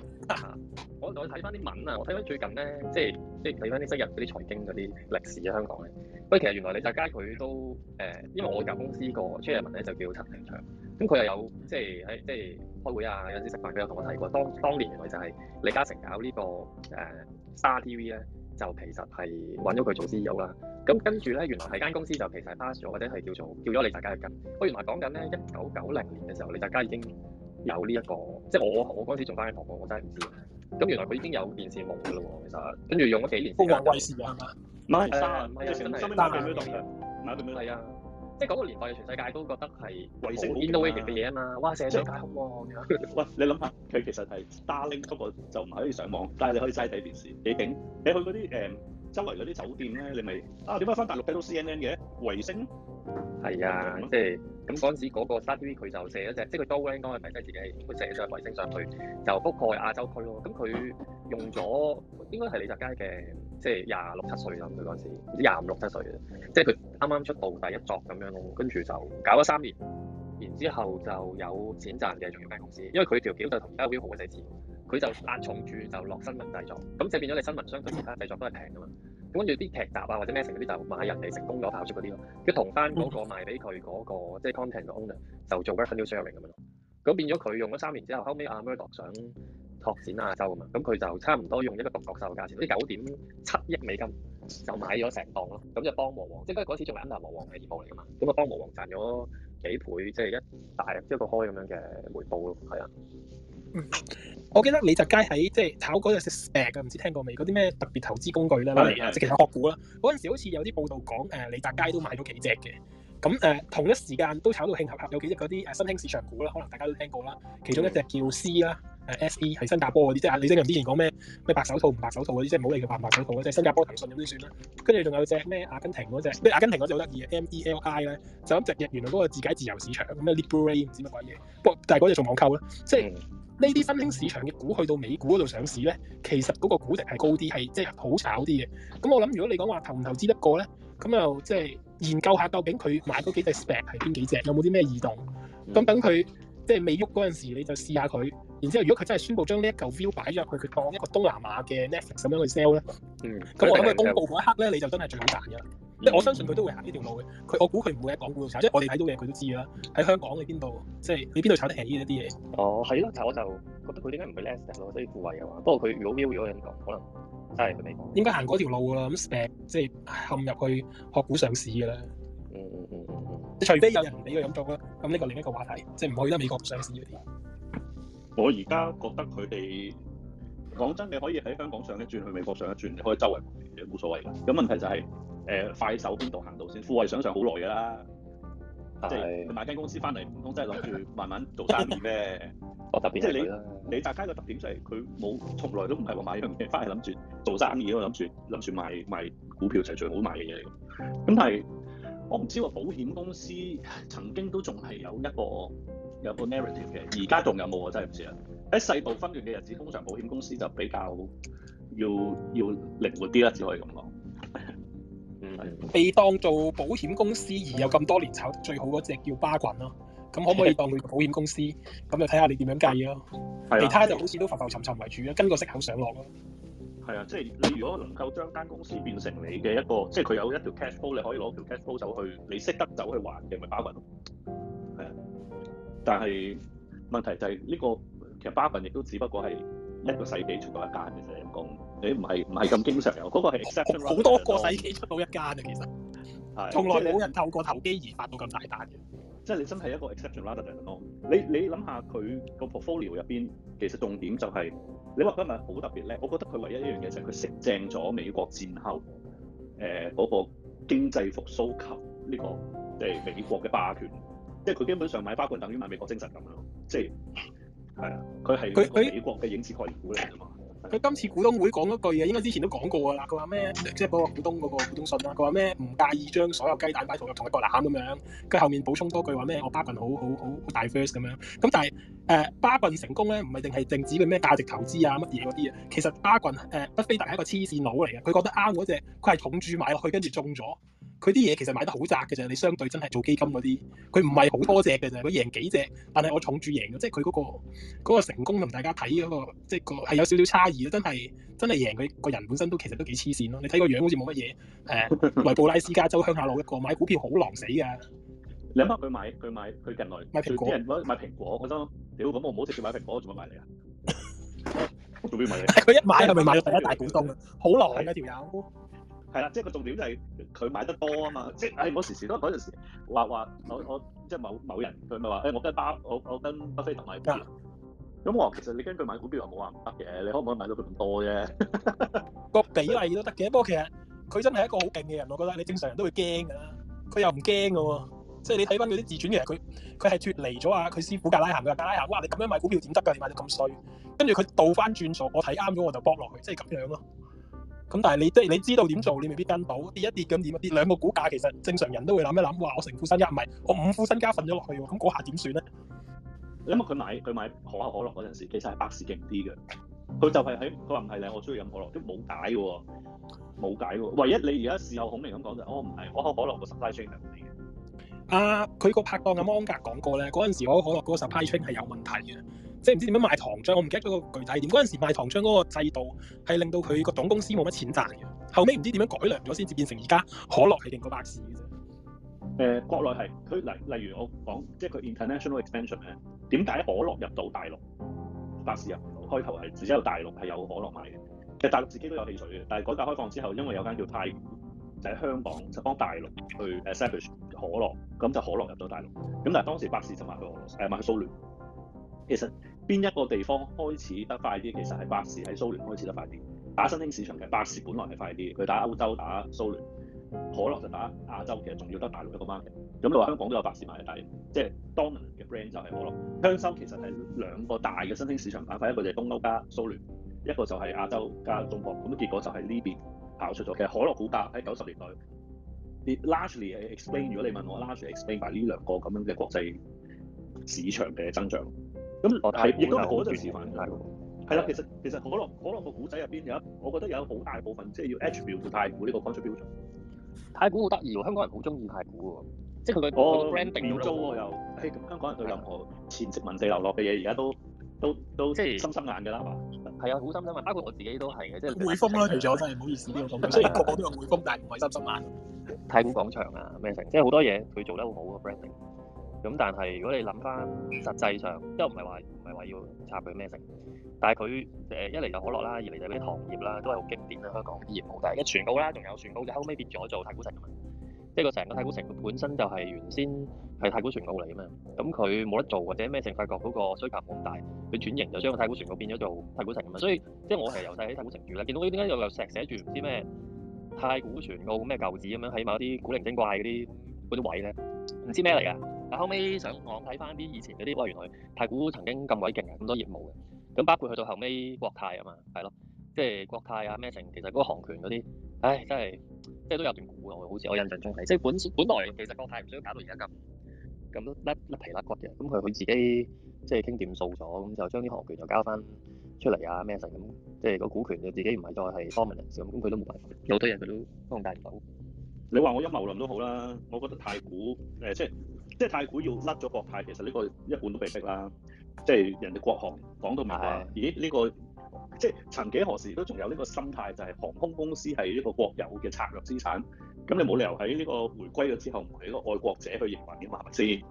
我我睇翻啲文啊，我睇翻最近咧，即係即係睇翻啲昔日嗰啲財經嗰啲歷史啊，香港嘅。不過其實原來李澤楷佢都誒，因為我舊公司個 Chairman 咧就叫陳明祥，咁佢又有即係喺即係開會啊，有時食飯佢有同我提過，當當年原來就係李嘉誠搞呢個誒 Star TV 咧，就其實係揾咗佢做 CEO 啦。咁跟住咧，原來係間公司就其實係 pass 咗，或者係叫做叫咗李澤楷入嚟。我原來講緊咧，一九九零年嘅時候，李澤楷已經有呢、這、一個，即係我我嗰陣時仲翻緊堂，我我真係唔知。咁原來佢已經有電視夢㗎咯喎，其實跟住用咗幾年，鳳凰衛視係唔係，三萬米啊，真係三萬幾多度啊？係啊，即係嗰個年代全世界都覺得係衛星 window 型嘅嘢啊嘛，哇！成世界好旺嘅。喂，你諗下，佢其實係 Starlink，不過就唔可以上網，但係你可以齋睇電視。幾勁。你去嗰啲誒周圍嗰啲酒店咧，你咪啊點解返大陸睇到 CNN 嘅衛星？係啊，即係咁嗰陣時嗰個 Star TV 佢就射咗隻，即係佢刀 view 應該係係自己，佢射上衛星上去，就覆蓋亞洲區咯。咁佢用咗應該係李澤楷嘅，即係廿六七歲啦，唔對嗰陣時，廿五六七歲嘅，即係佢啱啱出道第一作咁樣咯。跟住就搞咗三年，然後之後就有錢賺嘅，仲要大公司，因為佢條橋就同嘉輝好鬼死似，佢就押重注就落新聞製作，咁即係變咗你新聞相對其他製作都係平㗎嘛。跟住啲劇集啊，或者咩成嗰啲就買人哋成功咗跑出嗰啲咯，跟同翻嗰個賣俾佢嗰個即係、就是、content owner 就做 revenue sharing 咁樣咯。咁變咗佢用咗三年之後，後尾阿 Murdoch 想拓展亞洲啊嘛，咁佢就差唔多用一個獨角獸嘅價錢，即係九點七億美金就買咗成檔咯。咁就幫魔王，即係嗰時仲係 under 魔王嘅業務嚟㗎嘛。咁啊幫魔王賺咗幾倍，即係一大即係一個開咁樣嘅回報咯。係啊。我記得李澤楷喺即係炒嗰隻嘅，唔知聽過未？嗰啲咩特別投資工具咧，即係其實學股啦。嗰陣時好似有啲報道講，誒李澤楷都買咗幾隻嘅。咁誒、呃、同一時間都炒到興合合，有幾隻嗰啲新興市場股啦，可能大家都聽過啦。其中一隻叫 C 啦、嗯啊，SE 係新加坡嗰啲，即係李聲揚之前講咩咩白手套唔白手套嗰啲，即係冇理佢白唔白手套即係新加坡騰訊咁都算啦。跟住仲有隻咩阿根廷嗰隻，阿根廷嗰隻好得意嘅 M E L I 咧，就咁直入，原來嗰個自解自由市場咩 Libre 唔知乜鬼嘢，不過但係嗰隻做網購啦，即係。嗯呢啲新興市場嘅股去到美股嗰度上市咧，其實嗰個估值係高啲，係即係好炒啲嘅。咁我諗如果你講話投唔投資得過咧，咁又即係研究下究竟佢買嗰幾隻 spec 係邊幾隻，有冇啲咩異動？咁等佢即係未喐嗰陣時，你就試下佢。然之後，如果佢真係宣布將呢一嚿 view 擺咗入去，佢當一個東南亞嘅 Netflix 咁樣去 sell 咧，咁、嗯、我諗佢公佈嗰一刻咧，你就真係最好賺咗。嗯、我相信佢都會行呢條路嘅。佢我估佢唔會喺港股度炒，即係我哋睇到嘢，佢都知㗎啦。喺香港你邊度，即係你邊度炒得起平一啲嘢。哦，係咯、啊，但我就覺得佢點解唔去 list 咯，所以富位啊嘛。不過佢如果 view 我哋講，可能真係個美國。應該行嗰條路啊？咁 SPAC 即係陷入去學股上市嘅咧。哦哦哦哦除非有人唔俾佢咁做啦，咁呢個另一個話題，即係唔可以得美國上市嗰啲。我而家覺得佢哋講真，你可以喺香港上一轉，去美國上一轉，你可以周圍跑嘅，冇所謂嘅。咁問題就係、是。誒、呃、快手邊度行到先？富慧想上好耐㗎啦，但是即係買間公司翻嚟，唔通真係諗住慢慢做生意咩？我 特別即係你你大家嘅特點就係佢冇從來都唔係話買樣嘢，翻嚟諗住做生意咯，諗住諗住賣賣股票，係最好賣嘅嘢嚟㗎。咁但係我唔知話保險公司曾經都仲係有一個有一個 narrative 嘅，而家仲有冇我真係唔知啦。喺世道紛亂嘅日子，通常保險公司就比較要要，要靈活啲啦，只可以咁講。被當做保險公司而有咁多年炒得最好嗰隻叫巴郡咯，啊，咁可唔可以當佢保險公司？咁 就睇下你點樣計咯，啊啊。其他就好似都浮浮沉沉為主咯，跟個息口上落咯。係啊，即係你如果能夠將間公司變成你嘅一個，即係佢有一條 cash flow 你可以攞條 cash flow 走去，你識得走去還嘅咪巴郡咯。係啊，但係問題就係呢，這個其實巴郡亦都只不過係一個世紀出過一間嘅啫。就是你唔係唔係咁經常有，嗰、那個係 exception，好 多個世紀出到一間嘅， 其實，係，從來冇人透過投機而發到咁大單嘅。即係你，你真係一個 exceptional 咯。 你你諗下佢個 portfolio 入邊，其實重點就係、是、你話今日好特別呢。我覺得佢唯一一樣嘢就係佢食正咗美國戰後誒嗰、呃那個經濟復甦及呢個即係、就是、美國嘅霸權。即係佢基本上買霸權，等於買美國精神咁樣即係係啊，佢係佢美國嘅影子概念股嚟㗎嘛。佢今次股東會講嗰句嘅，應該之前都講過㗎啦。佢話咩？即係嗰個股東嗰、嗰個股東信啦。佢話咩？唔介意將所有雞蛋擺同一同一個籃咁樣。佢後面補充多句話咩？我巴郡好好好 diverse 咁樣。咁但係誒、呃、巴郡成功咧，唔係淨係淨止佢咩價值投資啊乜嘢嗰啲啊。其實巴郡，誒畢菲特係一個黐線佬嚟嘅，佢覺得啱嗰隻，佢係重注買落去，跟住中咗。佢啲嘢其實買得好窄嘅啫，你相對真係做基金嗰啲，佢唔係好多隻嘅啫，佢贏幾隻，但係我重住贏咯，即係佢嗰個成功同大家睇嗰、嗰個，即係個係有少少差異咯，真係真係贏佢個人本身都其實都幾黐線咯，你睇個樣好似冇乜嘢，誒、啊，內布拉斯加州鄉下佬一個買股票好狼死啊！你諗下佢買佢買佢近來，買蘋果，啲人攞買蘋果，我心諗，屌咁我唔好直接買蘋果，做乜買嚟啊？ 我做咩買你？佢一買係咪買咗第一大股東啊？好 狼啊條友！係啦，即係個重點就係佢買得多啊嘛！即係誒，我時時都嗰陣時話話某我即係某某人，佢咪話誒，我跟巴我我跟巴菲特買股。咁、嗯、我話其實你跟佢買股票又冇話唔得嘅，你可唔可以買到佢咁多啫？ 個比例都得嘅，不過其實佢真係一個好勁嘅人，我覺得。你正常人都會驚㗎啦，佢又唔驚㗎喎。即、就、係、是、你睇翻佢啲自傳，其實佢佢係脱離咗啊，佢師傅格拉罕㗎格拉罕。哇！你咁樣買股票點得㗎？你買到咁衰？跟住佢倒翻轉數，我睇啱咗我就博落去，即係咁樣咯。咁但係你即係你知道點做，你未必跟到跌一跌咁點啊跌，跌，跌，跌兩個股價，其實正常人都會諗一諗，哇！我成副身家唔係，我五副身家瞓咗落去喎，咁嗰下點算咧？因為佢買佢買可口可樂嗰陣時，其實係百事勁啲嘅，佢就係喺佢話唔係咧，我鍾意飲可樂啲冇解嘅，冇解嘅，唯一你而家事後孔明咁講就係，我唔係可口可樂個 supply chain 嚟嘅。啊，佢個拍檔阿芒、嗯、格 n g 講過咧，嗰陣時我可，可樂嗰個 supply chain 係有問題嘅。即係唔知點樣賣糖漿，我唔記得咗個具體點。嗰陣時賣糖漿嗰個制度係令到佢個總公司冇乜錢賺嘅。後尾唔知點樣改良咗先至變成而家可樂係定個百事嘅啫。誒、呃，國內係佢例例如我講，即係佢 international expansion 咧，點解可樂入到大陸？百事入唔到，開頭係只有大陸係有可樂賣嘅。其實大陸自己都有汽水嘅，但係改革開放之後，因為有間叫太就喺、是、香港就幫大陸去 establish 可樂，咁就可樂入到大陸。咁但係當時百事就賣去俄羅斯，賣去蘇聯。其實。邊一個地方開始得快啲？其實係百事喺蘇聯開始得快啲，打新興市場嘅百事本來係快啲，佢打歐洲打蘇聯，可樂就打，打亞洲，其實仲要得大陸一個 market。咁你話香港都有百事賣，但大？即係 dominant 嘅 brand 就係可樂。香洲其實係兩個大嘅新興市場，打翻一個就係東歐加蘇聯，一個就係亞洲加中國。咁結果就係呢邊跑出咗。其實可樂股價喺九十年代，largely explain，如果你問我 largely explain 埋呢兩個咁樣嘅國際市場嘅增長。咁係，亦都係嗰陣時犯咗。係啦，其實其實可能可能個古仔入邊有一，我覺得有好大部分即係、就是、要 H t t 太古呢個 concrete 標準。太古好得意喎，香港人好中意太古喎，即係佢個 branding 要租喎又。誒咁，香港人對任何前殖民地流落嘅嘢，而家都都都即係深深眼嘅啦。係啊，好深深眼。包括我自己都係嘅，即係匯豐啦、啊。其實我真係唔好意思呢個講，即係個個都有匯豐，但係唔係深深眼。太古廣場啊，咩成？即係好多嘢佢做得好啊，branding。 咁但係如果你諗翻實際上，因為唔係話唔係話要拆佢咩城，但係佢誒一嚟就可樂啦，二嚟就嗰啲糖業啦，都係好經典嘅香港啲業務。但係一船塢啦，仲有船塢就後尾變咗做太古城咁啊！即係個成個太古城，佢本身就係原先係太古船塢嚟㗎嘛。咁佢冇得做或者咩城發覺嗰個需求唔大，佢轉型就將太古船塢變咗做太古城咁啊！所以即係我係由細喺太古城住咧，見到佢點解有嚿石寫住唔知咩太古船塢咩舊址咁樣喺某啲古靈精怪嗰啲嗰啲位咧，唔知咩嚟㗎？啊，後尾上網睇翻啲以前嗰啲，哇，原來太古曾經咁鬼勁嘅，咁多業務嘅。咁包括去到後尾國泰啊嘛，係咯，即係國泰啊、咩成，其實嗰個航權嗰啲，唉，真係即係都有段古啊，好似我印象中係，即係本本來其實國泰唔需要搞到而家咁咁甩甩皮甩骨嘅。咁佢佢自己即係傾掂數咗，咁就將啲航權就交翻出嚟啊、咩成咁，即係個股權就自己唔係再係 commoners 咁，咁佢都冇辦法。有啲人佢都幫大手。你話我陰謀論都好啦，我覺得太古誒即係。即係太古要甩咗國泰，其實呢個一半都被逼啦。即、就、係、是、人哋國航講到明話，咦？呢、這個即係曾幾何時都仲有呢個心態，就係航空公司係呢個國有嘅策略資產。咁你冇理由喺呢個回歸咗之後，唔係一個愛國者去營運嘅嘛？係咪先？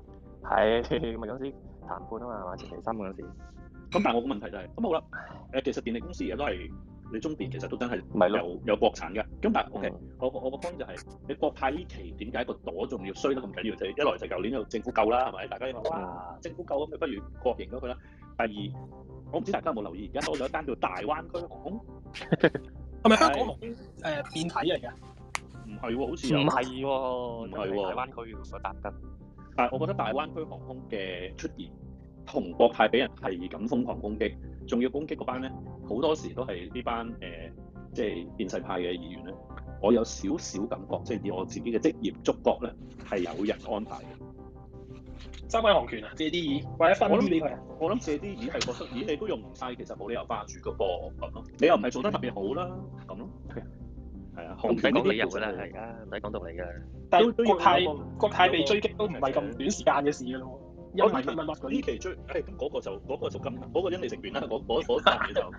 係咪嗰時談判啊嘛？嘛情深嗰時。咁但係我個問題就係、是，咁好啦，誒其實電力公司亦都係。你中變其實都真係唔係有、就是、了有國產嘅，咁但係、嗯、OK，我我個 point 就係、是、你國泰呢期點解個朵仲要衰得咁緊要？就係一來就舊年有政府救啦，係咪？大家認為哇、嗯，政府救咁，不如國營咗佢啦。第二，我唔知大家有冇留意，而家多咗一間叫大灣區航空，係咪香港龍誒變體嚟嘅？唔係喎，好似唔係唔係喎。哦哦就是、大灣區嘅搭緊，但係我覺得大灣區航空嘅出現。同國泰俾人係咁瘋狂攻擊，仲要攻擊嗰班咧，好多時都係呢班誒、呃，即係建制派嘅議員咧。我有少少感覺，即係以我自己嘅職業觸覺咧，係有人安排嘅。三位航權啊！借啲耳，或者分於呢我諗借啲耳係覺得，咦？你都用唔晒，其實冇理由霸住嘅噃，咁咯。你又唔係做得特別好啦，咁咯。係、嗯、啊，航權講獨立㗎啦，而家唔使講道理嘅。但係國，國泰，國泰被追擊都唔係咁短時間嘅事㗎咯。有咪？唔、嗯、呢、嗯嗯嗯、期追誒，嗰、哎那個就嗰、那個就咁，嗰、那個應徵成員啦。嗰嗰嗰單嘢就，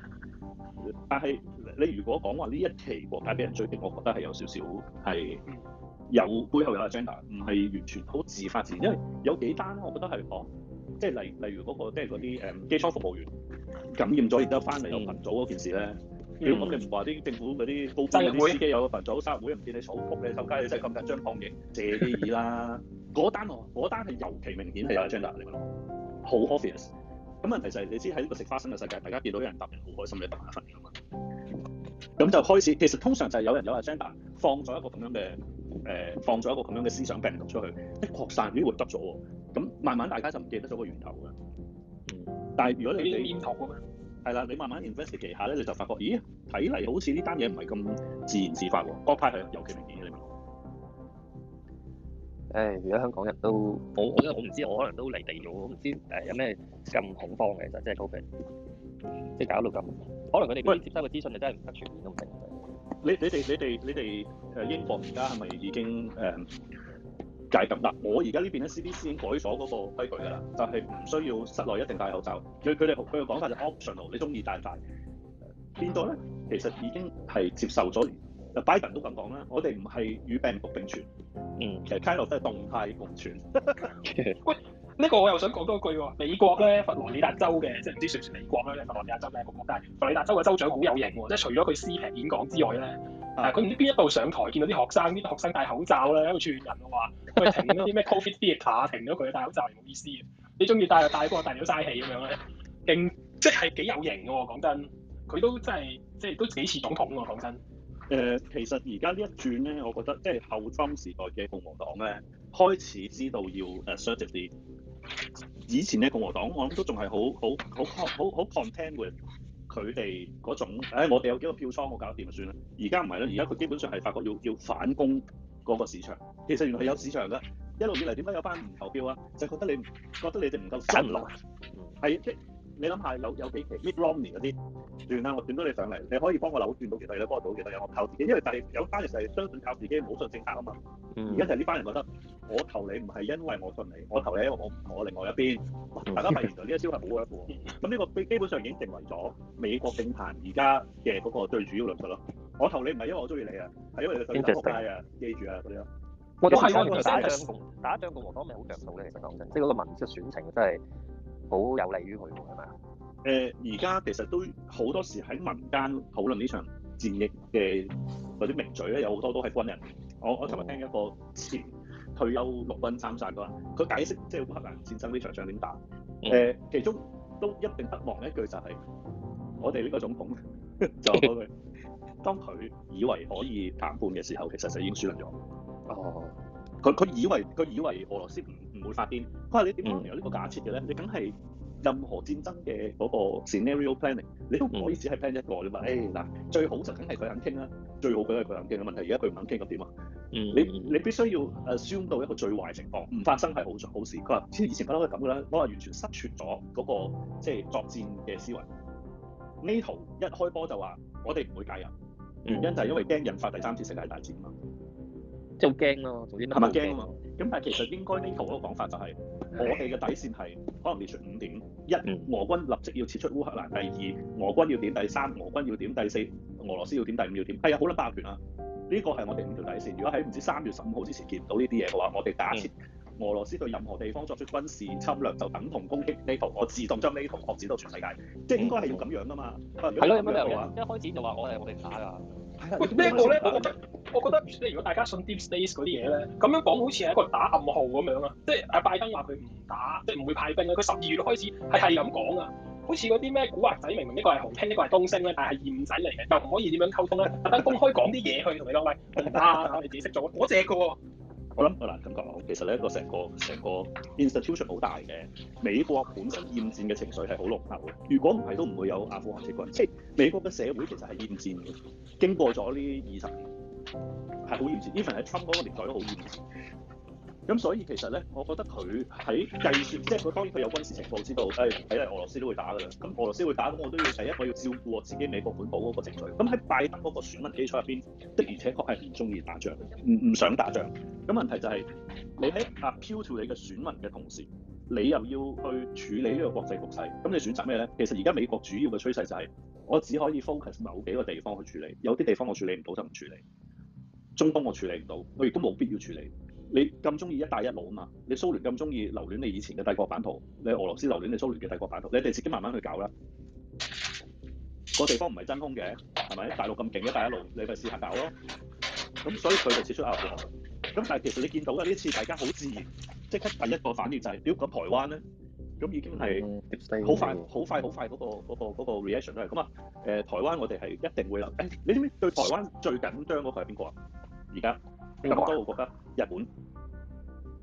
但係你如果講話呢一期喎，國家俾人追擊，我覺得係有少少係有背後有 agenda 唔係完全好自發自因為有幾單我覺得係我、哦、即係例例如嗰、那個即係嗰啲誒機艙服務員感染咗而得翻嚟有群組嗰件事咧，咁你唔話啲政府嗰啲高級嗰啲司機有群組、生日會唔見你掃幅，你收街你真係咁緊張抗疫，借啲意啦。 嗰、那個、單我，嗰、那個、單係尤其明顯，係啊，agenda，你問我，好 obvious。咁問題就係你知喺呢個食花生嘅世界，大家見到有人答人好開心，你揼下分㗎嘛。咁就開始，其實通常就係有人有啊，agenda 放咗一個咁樣嘅誒、呃，放咗一個咁樣嘅思想病毒出去，一擴散咦，經活篤咗喎。咁慢慢大家就唔記得咗個源頭㗎。嗯。但係如果你你係啦，你慢慢 investigate 下咧，你就發覺，咦，睇嚟好似呢單嘢唔係咁自然自發喎。嗰 part 係尤其明顯嘅，你誒，而家香港人都，我我我唔知，我可能都離地咗，我唔知誒、呃、有咩咁恐慌嘅，其實真係 COVID 即係搞到咁，可能佢哋接收嘅資訊不你真係唔得全面咁明。你你哋你哋你哋誒英國而家係咪已經誒解、呃、禁啦？我而家呢邊咧，C B C 已經改咗嗰個規矩㗎啦，就係唔需要室內一定戴口罩，佢佢哋佢嘅講法就 optional，你中意戴唔戴？變咗咧，其實已經係接受咗。就拜登都咁講啦，我哋唔係與病毒並存。嗯，其實 Kyle 都係動態共存。喂，呢個我又想講多句喎。美國咧，佛羅里達州嘅，即係唔知算唔算美國咧？佛羅里達州咩國家？佛羅里達州嘅州長好有型喎，即係除咗佢斯平演講之外咧，誒佢唔知邊一度上台見到啲學生，啲學生戴口罩咧喺度串人喎，話佢停咗啲咩 Covid theatre 停咗佢戴口罩冇意思嘅。你中意戴就戴，不過戴到嘥氣咁樣咧，勁即係幾有型嘅喎。講真，佢都真係即係都幾似總統喎。講真。誒、呃，其實而家呢一轉咧，我覺得即係後生時代嘅共和黨咧，開始知道要誒 assert 啲。以前咧共和黨我、哎，我諗都仲係好好好好好 content 嘅。佢哋嗰種我哋有幾個票倉，我搞掂就算啦。而家唔係啦，而家佢基本上係發覺要要反攻嗰個市場。其實原來係有市場嘅，一路以嚟點解有班唔投票啊？就係覺得你覺得你哋唔夠爭唔落啊？係。你諗下有有幾期，Mitt Romney 嗰啲，算啦，我轉到你上嚟，你可以幫我扭轉到其他，你可以幫我到其他，有我靠自己，因為就係、是、有一班人就係相信靠自己，唔好信政策啊嘛。而家就係呢班人覺得，我投你唔係因為我信你，我投你因為我我另外一邊， 大家發現原來呢一招係冇一喎。咁呢個基本上已經成為咗美國政壇而家嘅嗰個最主要論述咯。我投你唔係因為我中意你啊，係因為你想打國界啊，記住啊嗰啲咯。我係打仗，打仗共和黨咪好著數咧，其實講真，即係嗰個民粹選情真係。好有利於佢㗎，係咪？誒、呃，而家其實都好多時喺民間討論呢場戰役嘅嗰啲名嘴咧，有好多都係軍人。我我尋日聽一個前退休陸軍參將講，佢解釋即係烏克蘭戰爭呢場仗點打。誒、嗯呃，其中都一定不忘的一句就係、是：我哋呢個總統就會會 當佢以為可以談判嘅時候，其實就已經輸咗。哦。佢佢以為佢以為俄羅斯唔唔會發癲，佢話你點可能有呢個假設嘅咧？你梗係任何戰爭嘅嗰個 scenario planning，你都唔可以只係 plan 一個。嗯、你話誒嗱，最好就梗係佢肯傾啦，最好佢係佢肯傾。問題而家佢唔肯傾咁點啊？你你必須要誒 assume 到一個最壞情況，唔發生係好好事。佢話以前不嬲係咁嘅啦，我話完全失傳咗嗰個即係、就是、作戰嘅思維。NATO 一開波就話我哋唔會介入，嗯、原因就係因為驚引發第三次世界大戰啊！即係好驚咯，係咪驚啊？咁但係其實應該 NATO 嗰個講法就係、是嗯，我哋嘅底線係可能列出五點：一、俄軍立即要撤出烏克蘭；第二，俄軍要點；第三，俄軍要點；第四，俄羅斯要點；第五要點。係啊，好啦，霸權啊！呢個係我哋五條底線。如果喺唔知三月十五號之前見唔到呢啲嘢嘅話，我哋打設。俄羅斯對任何地方作出軍事侵略，就等同攻擊 NATO，我自動將 NATO 擴展到全世界。即、嗯、係應該係要咁樣㗎嘛？係、嗯、咯，有乜理由啊？一開始就話我哋我哋打㗎。喂，咩個咧？我覺得，我覺得即係如果大家信 Deep State 嗰啲嘢咧，咁樣講好似係一個打暗號咁樣啊！即係啊拜登話佢唔打，即係唔會派兵啊！佢十二月開始係係咁講啊，好似嗰啲咩古惑仔，明明呢個係洪興，呢個係東星咧，但係謠仔嚟嘅，又唔可以點樣溝通咧？特登公開講啲嘢去同你講，喂啊！你自己識做，我借過我諗嗱，咁講，其實咧，個成個成個 institution 好大嘅美國本身厭戰嘅情緒係好濃厚。如果唔係，都唔會有阿富汗撤軍。即係美國嘅社會其實係厭戰嘅，經過咗呢二十年係好厭戰。Even 喺 Trump 嗰個年代都好厭戰。咁所以其實咧，我覺得佢喺計算，即係佢當然佢有軍事情報知道，誒，睇嚟俄羅斯都會打噶啦。咁俄羅斯會打，咁我都要第一個要照顧我自己美國本土嗰個情緒。咁喺拜登嗰個選民基礎入邊，的而且確係唔中意打仗，唔唔想打仗。咁問題就係、是、你喺 appeal to 你嘅選民嘅同時，你又要去處理呢個國際局勢。咁你選擇咩咧？其實而家美國主要嘅趨勢就係、是、我只可以 focus 某幾個地方去處理，有啲地方我處理唔到就唔處理。中東我處理唔到，我亦都冇必要處理。你咁中意一帶一路啊嘛？你蘇聯咁中意留戀你以前嘅帝國版圖，你俄羅斯留戀你蘇聯嘅帝國版圖，你哋自己慢慢去搞啦。個地方唔係真空嘅，係咪？大陸咁勁一帶一路，你咪試下搞咯。咁所以佢就設出亞投行。咁但係其實你見到啦，呢次大家好自然，即刻第一個反應就係、是，如果講台灣咧，咁已經係好快、好快、好快嗰、那個嗰、那個嗰、那個那個 reaction 都係咁啊。誒、呃，台灣我哋係一定會留。誒、欸，你知唔知對台灣最緊張嗰個係邊個啊？而家？咁多個國家，日本。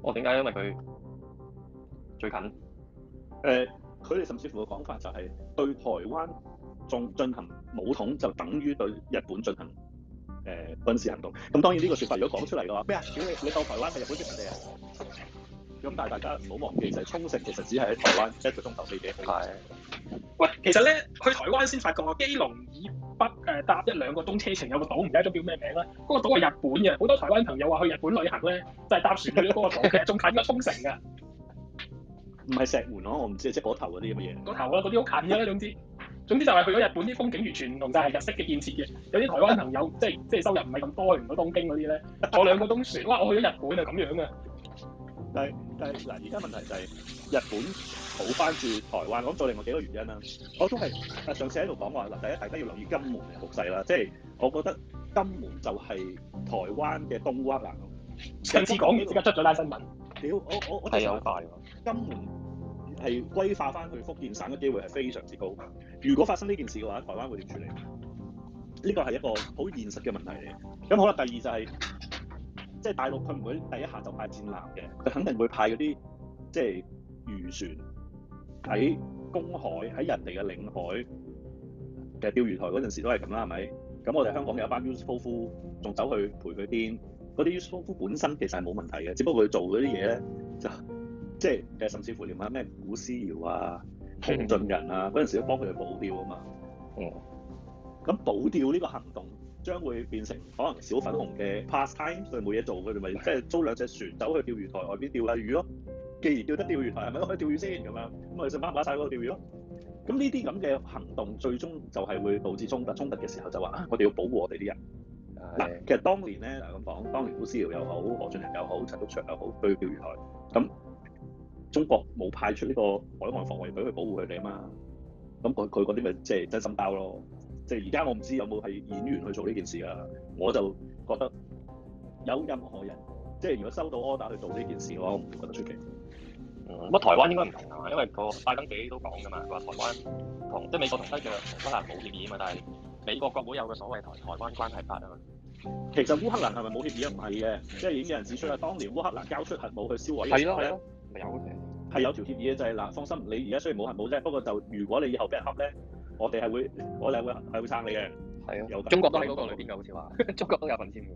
哦點解？因為佢最近。誒、呃，佢哋甚至乎嘅講法就係、是、對台灣仲進行武統，就等於對日本進行誒、呃、軍事行動。咁當然呢個說法如果講出嚟嘅話，咩啊？你你到台灣係日本政府嚟啊？咁但係大家唔好忘記就係沖繩，其實只係喺台灣一個鐘頭飛幾毫。係。喂，其實咧去台灣先發覺基隆以北、嗯、搭一兩個鐘車程有個島，唔記得咗叫咩名啦、啊。嗰、那個島係日本嘅，好多台灣朋友話去日本旅行咧，就係、是、搭船去咗嗰個島嘅，仲 近過沖繩嘅。唔係石門咯、啊，我唔知，即係嗰頭嗰啲咁嘅嘢。嗰、嗯、頭啦、啊，嗰啲好近嘅、啊、啦，總之總之就係去咗日本啲風景完全唔同，就係、是、日式嘅建設嘅。有啲台灣朋友 即係即係收入唔係咁多，去唔到東京嗰啲咧，坐兩個鐘船哇，我去咗日本啊，咁樣嘅。但係但係嗱，而家問題就係日本抱翻住台灣，咁做另外幾個原因啦。我都係啊，上次喺度講話嗱，第一大家要留意金門嘅局勢啦，即係我覺得金門就係台灣嘅東烏克蘭。上次講完即刻出咗單新聞，屌我我我睇好快。我想金門係歸化翻去福建省嘅機會係非常之高。如果發生呢件事嘅話，台灣會點處理？呢個係一個好現實嘅問題嚟。咁好啦，第二就係。即係大陸佢唔會第一下就派戰艦嘅，佢肯定會派嗰啲即係漁船，喺公海、喺人哋嘅領海嘅釣魚台，嗰陣時都係咁啦，係咪？咁我哋香港有一班 useful fool 仲走去陪佢癲，嗰啲 useful fool 本身其實係冇問題嘅，只不過佢做嗰啲嘢咧就即係誒，甚至乎連埋咩古思堯啊、洪俊仁啊嗰陣時都幫佢哋保釣啊嘛。嗯。咁保釣呢個行動。將會變成可能小粉紅嘅 pastime，佢冇嘢做，佢哋咪即係租兩隻船走去釣魚台外邊釣下魚咯。既然釣得釣魚台係咪都可以釣魚先咁樣，咁咪食麻麻曬嗰個釣魚咯。咁呢啲咁嘅行動，最終就係會導致衝突。衝突嘅時候就話啊，我哋要保護我哋啲人。嗱，其實當年咧，嗱咁講，當年古思堯又好，何俊仁又好，陳毓祥又好去釣魚台，咁中國冇派出呢個海岸防衛隊去保護佢哋啊嘛。咁佢佢嗰啲咪即係真心包咯。而家我唔知有冇係演員去做呢件事㗎、啊，我就覺得有任何人即係如果收到 order 去做呢件事嘅話、嗯、我唔覺得出奇。乜、嗯、台灣應該唔同嘛？因為個拜登自己都講㗎嘛，佢話台灣同即係、就是、美國同德國、德國冇協議啊嘛，但係美國國會有個所謂台台灣關係法啊嘛。其實烏克蘭係咪冇協議？唔係嘅，即係有人指出啦，當年烏克蘭交出核武去銷毀。係咯係咯，係有嘅。係有條協議嘅就係、是、嗱、啊，放心，你而家雖然冇核武啫，不過就如果你以後俾人恰咧。我哋係會，我哋係會係會撐你嘅，係啊，中國都喺嗰個裏邊嘅，好似話， 中國都有份添嘅。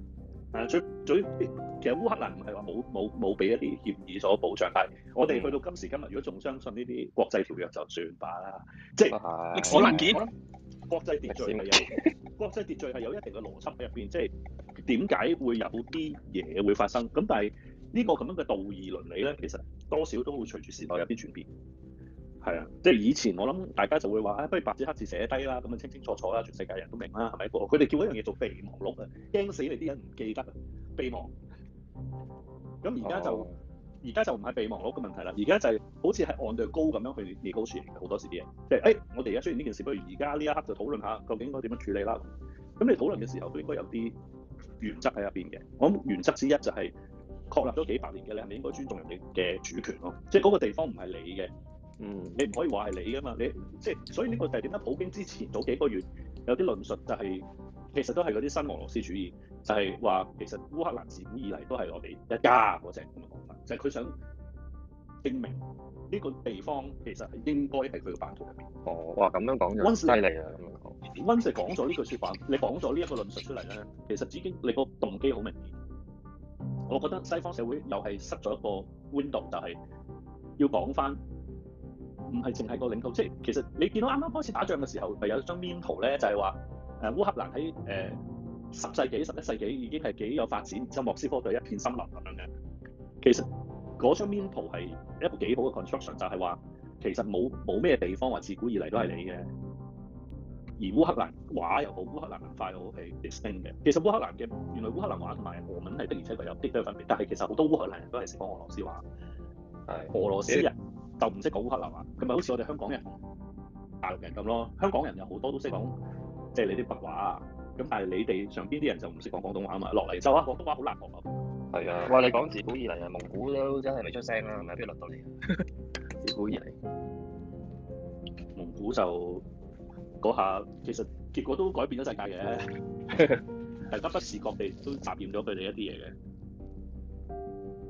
誒、啊，最最其實烏克蘭唔係話冇冇冇俾一啲協議所保障，但係我哋去到今時今日，如果仲相信呢啲國際條約，就算吧啦、嗯。即係、啊、歷史文件，係國際秩序係有， 國際秩序係有一定嘅邏輯喺入邊，即係點解會有啲嘢會發生？咁但係呢個咁樣嘅道義倫理咧，其實多少都會隨住時代有啲轉變。係啊，即係以前我諗大家就會話、啊，不如白紙黑字寫低啦，咁啊清清楚楚啦，全世界人都明啦，係咪？佢哋叫一樣嘢做備忘錄啊，驚死你啲人唔記得啊，備忘。咁而家就而家、哦、就唔係備忘錄嘅問題啦，而家就係好似係 on the go 咁樣去釐高處理嘅好多時啲嘢，即係誒，我哋而家雖然呢件事，不如而家呢一刻就討論下究竟應該點樣處理啦。咁你討論嘅時候都應該有啲原則喺入邊嘅。我諗原則之一就係、是、確立咗幾百年嘅，你係咪應該尊重人哋嘅主權咯？即係嗰個地方唔係你嘅。嗯，你唔可以話係你㗎嘛？你即係所以呢個就係點解普京之前早幾個月有啲論述、就是，就係其實都係嗰啲新俄羅斯主義，就係、是、話其實烏克蘭自古以嚟都係我哋一家嗰隻咁樣講法，就係、是、佢想證明呢個地方其實應該係佢嘅版圖入面。哦，哇！咁樣講就犀利啊！咁樣講，Once you 講咗呢句説法， 你講咗呢一個論述出嚟咧，其實已經你個動機好明顯。我覺得西方社會又係失咗一個 window，就係要講返。唔係淨係個領土，即係其實你見到啱啱開始打仗嘅時候，咪有一張 map 圖咧，就係話誒烏克蘭喺誒、呃、十世紀、十一世紀已經係幾有發展，之後莫斯科就一片森林咁樣嘅。其實嗰張 map 圖係一部幾好嘅 construction，就係、是、話其實冇冇咩地方話自古以嚟都係你嘅。而烏克蘭話又好，烏克蘭文化又好係 distinct 嘅。其實烏克蘭嘅原來烏克蘭話同埋俄文係的而且確有啲啲分別，但係其實好多烏克蘭人都係識講俄羅斯話。係。俄羅斯人。就唔識講烏克蘭話，咁咪好似我哋香港人、大陸人咁咯。香港人有好多都識講，即係你啲白話啊。咁但係你哋上邊啲人就唔識講廣東話啊嘛。落嚟就話廣東話好難學啊。係啊，話你講自古以嚟啊，蒙古都真係未出聲啊，係咪邊輪到你？不 自古以嚟，蒙古就嗰下其實結果都改變咗世界嘅，係不 不時各地都佔領咗佢哋一啲嘢嘅。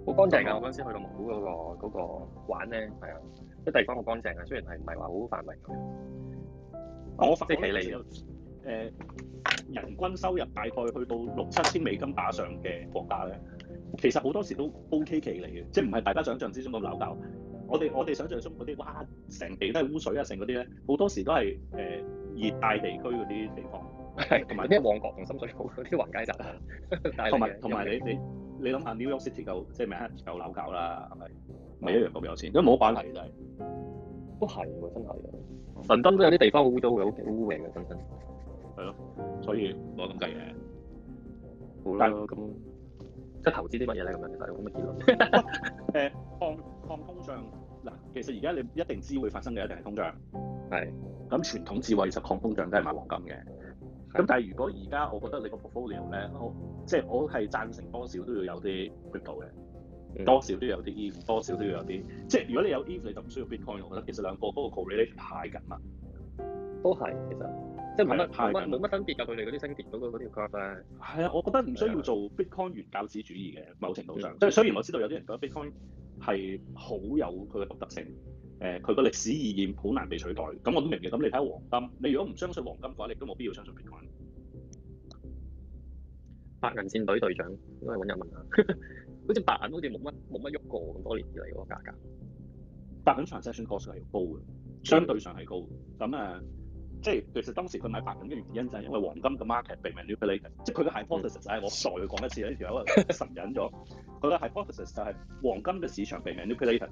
好乾淨啊！我嗰陣時去到蒙古嗰、嗰個嗰個玩咧，係啊，啲地方好乾淨啊。雖然係唔係話好繁榮，好即係奇離嘅。誒、呃，人均收入大概去到六七千美金打上嘅國家咧，其實好多時都 O K 奇嚟嘅，即係唔係大家想象之中咁扭。汙。我哋我哋想象中嗰啲哇，成地都係污水啊，成嗰啲咧，好多時都係誒、呃、熱帶地區嗰啲地方。係，同埋啲旺角同深水埗嗰啲橫街窄巷啊，同埋同埋你你你諗下，New York City 又即係明黑又鬧交啦，係、就、咪、是？咪、嗯、一樣咁有錢，因為冇板嚟就係，都係喎，真係。倫敦都有啲地方好污糟嘅，好污嘅，真真。係咯，所以冇咁計嘅。好啦，咁即係投資啲乜嘢咧？咁樣其實冇乜結論。誒、 啊，抗、欸、抗通脹嗱，其實而家你一定知會發生嘅一定係通脹。係，咁傳統智慧其實抗通脹都係買黃金嘅。咁但係如果而家我覺得你個 portfolio 咧，我即係我係贊成多少都要有啲 crypto 嘅，多少都有啲，Eve，多少都要有啲。即係如果你有 ether 你就唔需要 bitcoin，我覺得其實兩個嗰個 correlation 太緊密。都係，其實即係冇乜，乜，乜分別㗎。佢哋嗰啲升跌嗰嗰條 curve 咧。係啊、那個那個，我覺得唔需要做 bitcoin 原教旨主義嘅某程度上，即、嗯、係雖然我知道有啲人覺得 bitcoin 係好有佢嘅獨特性。誒佢個歷史意義好難被取代，咁我都明嘅。咁你睇下黃金，你如果唔相信黃金嘅話，你都冇必要相信別個。白銀戰隊隊長，應該揾人問下，好似白銀好似冇乜冇乜喐過，咁多年以嚟嗰個價格。白銀 transaction cost 係要高嘅，相對上係高嘅。咁、嗯、誒。即係其實當時佢買白銀嘅原因就係因為黃金嘅 market 被 manipulated，即係佢嘅 hypothesis 就係、是嗯、我再講一次呢條友啊神隱咗，佢 嘅 hypothesis 就係黃金嘅市場被 manipulated，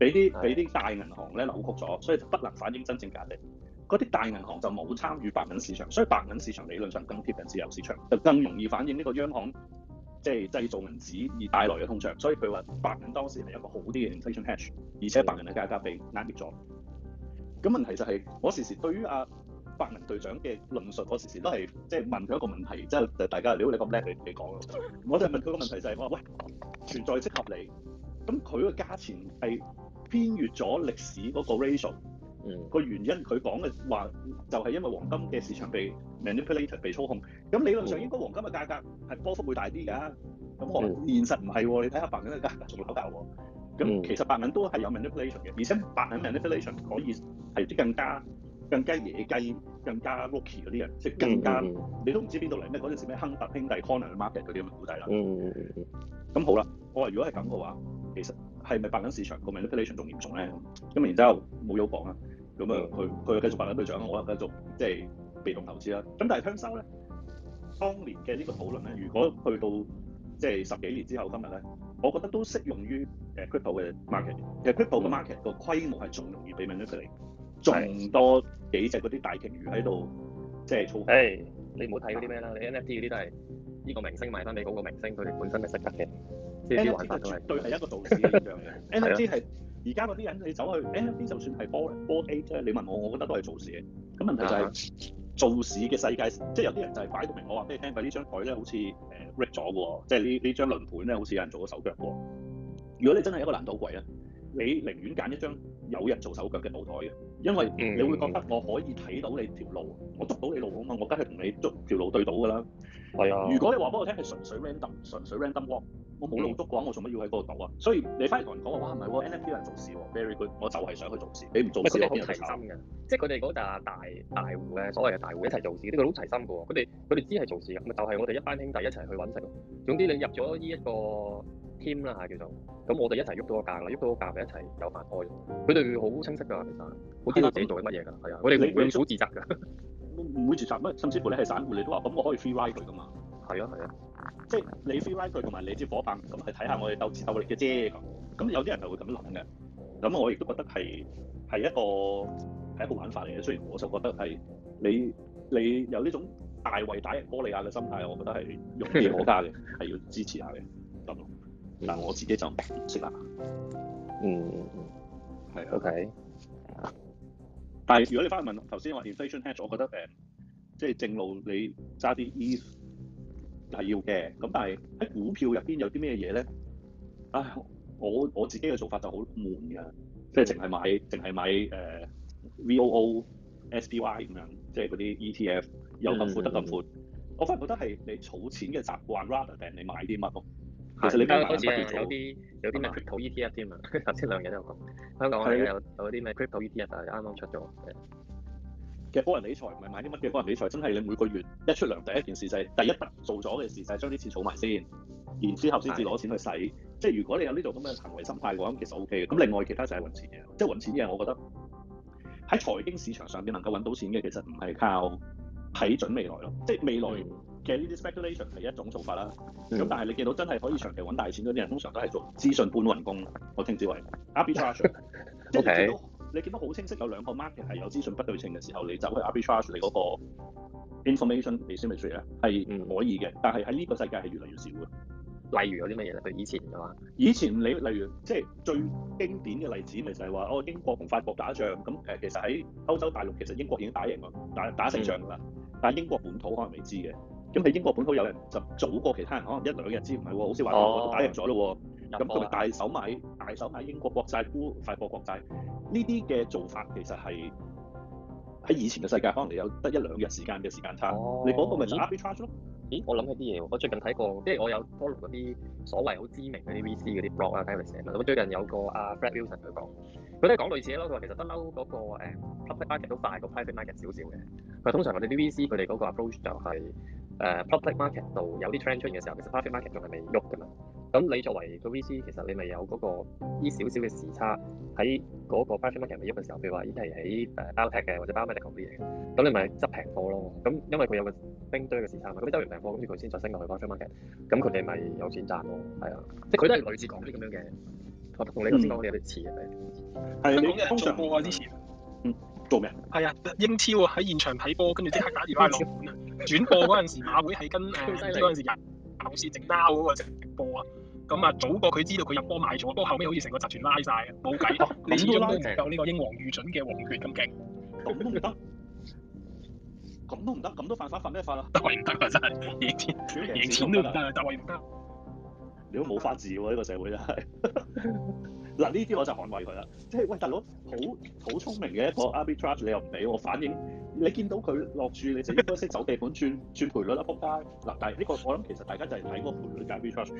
俾啲俾啲大銀行咧扭曲咗，所以就不能反映真正價值。嗰啲大銀行就冇參與白銀市場，所以白銀市場理論上更貼近自由市場，就更容易反映呢個央行即係、就是、製造銀紙而帶來嘅通脹。所以佢話白銀當時係一個好啲嘅 inflation hedge，而且白銀嘅價格被壓跌咗。咁、嗯、問題就係、是、我時時對於阿、啊。白銀隊長嘅論述，我時時都係即係問佢一個問題，即係大家，如果你咁叻，你你講咯。我就問佢個問題就係，我話喂，存在即合理，咁佢個價錢係偏越咗歷史嗰個 ratio，個、嗯、原因佢講嘅話就係因為黃金嘅市場被 manipulation 被操控，咁、嗯、理論上應該黃金嘅價格係波幅會大啲㗎，咁我現實唔係喎，你睇下白銀嘅價格仲老舊喎，咁其實白銀都係有 manipulation 嘅，而且白銀 manipulation 可以係啲更加。更加野雞，更加 lucky 嗰啲人，即係更加、嗯嗯嗯、你都唔知邊度嚟咩？嗰陣時咩亨特兄弟、corner 嘅 market 嗰啲咁嘅股帝啦。咁、嗯嗯、好啦，我話如果係咁嘅話，其實係咪白緊市場個 manipulation 仲嚴重咧？咁然之後冇腰磅啦，咁啊佢佢繼續白緊對象，我又繼續即係被動投資啦。咁但係香收咧，當年嘅呢個討論咧，如果去到即係十幾年之後今日咧，我覺得都適用於誒 crypto 嘅 market。其實 crypto 嘅 market 個規模係仲容易被 manipulate 嚟。仲多幾隻嗰啲大鯨魚喺度，即係操。誒，你唔好睇嗰啲咩啦，你 NFT 嗰啲都係呢個明星賣翻俾嗰個明星，佢哋本身係識得嘅。即 NFT 玩法都絕對係一個做市一樣嘅。 NFT 係而家嗰啲人你走去 NFT 就算係波波 a 啫，你問我，我覺得都係做市嘅。咁問題就係、是、做、uh-huh. 市嘅世界，即係有啲人就係擺到明，我話俾你聽，佢呢張台咧好似誒 break 咗即係呢呢張輪盤咧好似有人做咗手腳嘅。如果你真係一個難倒鬼咧？你寧願揀一張有人做手腳嘅舞台嘅，因為你會覺得我可以睇到你條路，、嗯、路，我捉到你路啊嘛，我梗係同你捉條路對到㗎啦。係、哎、啊。如果你話俾我聽係純粹 random，純粹 random walk，我冇路捉嘅話，嗯、我做乜要喺嗰度賭啊？所以你反而同人講話，哇，唔係喎 n f b 人做事喎，Very good，我就係想去做事。你唔做事佢哋好齊心㗎，即係佢哋嗰大大戶咧，所謂嘅大戶一齊做事，呢個好齊心嘅喎。佢哋佢哋知係做事嘅，就係、是、我哋一班兄弟一齊去揾食。總之你入咗呢一個。team 啦，嚇叫做。咁我哋一齊喐到個價啦，喐到個價咪一齊有飯開。佢哋好清晰㗎，其實，好知道自己做緊乜嘢㗎。係啊，我哋會會好自責㗎，唔會，會，會，會自責乜，甚至乎你係散戶，你都話咁我可以 free ride 佢㗎嘛。係啊係啊，即係你 free ride 佢同埋你支夥伴，咁係睇下我哋鬥智鬥力嘅啫咁。咁有啲人就會咁諗嘅，咁我亦都覺得係係一個係一個玩法嚟嘅。雖然我就覺得係你你有呢種大衞打贏玻利亞嘅心態，我覺得係勇氣可嘉嘅，係要支持下嘅。 嗱我自己就唔識啦，嗯，係、嗯嗯、，OK。但係如果你翻去問頭先話 inflation hedge 我覺得誒，即係正路你揸啲 ETH 係要嘅。咁但係喺股票入邊有啲咩嘢咧？唉，我我自己嘅做法就好悶㗎，即係淨係買淨係買誒、呃、VOO、SPY 咁樣，即係嗰啲 ETF，有咁闊得咁闊。我反而覺得係你儲錢嘅習慣，rather than 你買啲乜？其實你啱開始咧，有啲有啲咩 Crypto ETF 添啊！頭先兩日都有講，香港有有啲咩 Crypto ETF 啊，啱啱出咗。其實個人理財唔係買啲乜嘅，個人理財，真係你每個月一出糧第一件事就係第一筆做咗嘅事就係將啲錢儲埋先，然之後先至攞錢去使。即係如果你有呢種咁嘅行為心態嘅話，咁其實 OK 嘅。咁另外其他就係揾錢嘅，即係揾錢嘅，我覺得喺財經市場上邊能夠揾到錢嘅，其實唔係靠睇準未來咯，即係未來。嗯嘅呢啲 speculation 係一種做法啦。咁、嗯、但係你見到真係可以長期揾大錢嗰啲人，通常都係做資訊搬運工，我稱之為 arbitrage。即係你見到好、okay. 你見到清晰有兩個 market 係有資訊不對稱嘅時候，你就去 arbitrage 你嗰個 information asymmetry 咧係唔可以嘅。但係喺呢個世界係越嚟越少嘅。例如有啲乜嘢咧？如以前嘛，以前你例如即係、就是、最經典嘅例子咪就係話哦，英國同法國打仗咁誒，其實喺歐洲大陸其實英國已經打贏咗打打成仗㗎啦、嗯，但係英國本土可能未知嘅。咁喺英國本土有人就早過其他人，可能一兩日之唔係，好似話打贏咗咯。咁佢咪大手買大手買英國國債、烏克蘭國債呢啲嘅做法，其實係喺以前嘅世界，可能你有得一兩日時間嘅時間差，哦、你嗰個咪立即 charge 咯。咦？我諗一啲嘢，我最近睇過，即係我有 follow 嗰啲所謂好知名嗰啲 V C 嗰啲 blog 啊，睇佢寫啦。咁最近有個阿、uh, Fred Wilson 佢講，佢都係講類似嘅咯。佢話其實得嬲嗰個、嗯、public market 都快過 private market 少少嘅。佢話通常我哋啲 V C 佢哋嗰個 approach 就係、是。誒 public market 度有啲 trend 出現嘅時候，其實 private market 仲係未喐噶嘛。咁你作為個 VC，其實你咪有嗰、嗰個依少少嘅時差，喺嗰個 private market 未喐嘅時候，譬如話已經係喺誒 big tech 嘅或者 biotech 啲嘢，咁你咪執平貨咯。咁因為佢有個冰堆嘅時差嘛，咁你執完平貨，跟住佢先再升落去 public market，咁佢哋咪有錢賺咯。係、嗯、啊，即係佢都係類似講啲咁樣嘅，同你頭先講嘅有啲似嘅。係香港嘅，通常播啊之前。嗯，做咩啊？係啊，英超啊，喺現場睇波，跟住即刻打電話去轉 播，嗰陣時馬會係跟誒嗰陣時入牛市直撈嗰個直播啊，咁啊早過佢知道佢入波賣咗，不過後尾好似成個集團拉晒啊，冇計，你始終都唔夠呢個英皇御准嘅皇權咁勁，咁都唔得，咁都唔得，咁 都犯法，犯咩 法啊？得唔得啊真係，贏錢都唔得啊，得我唔得？你都冇法治喎，呢個社會真係。 嗱呢啲我就捍衞佢啦，即係喂大佬，好好聰明嘅一個 Arbitrage，你又唔俾我反應，你見到佢落住，你就應該識走地盤轉轉賠率啦，仆街嗱。但係呢個我諗其實大家就係睇嗰賠率的，Arbitrage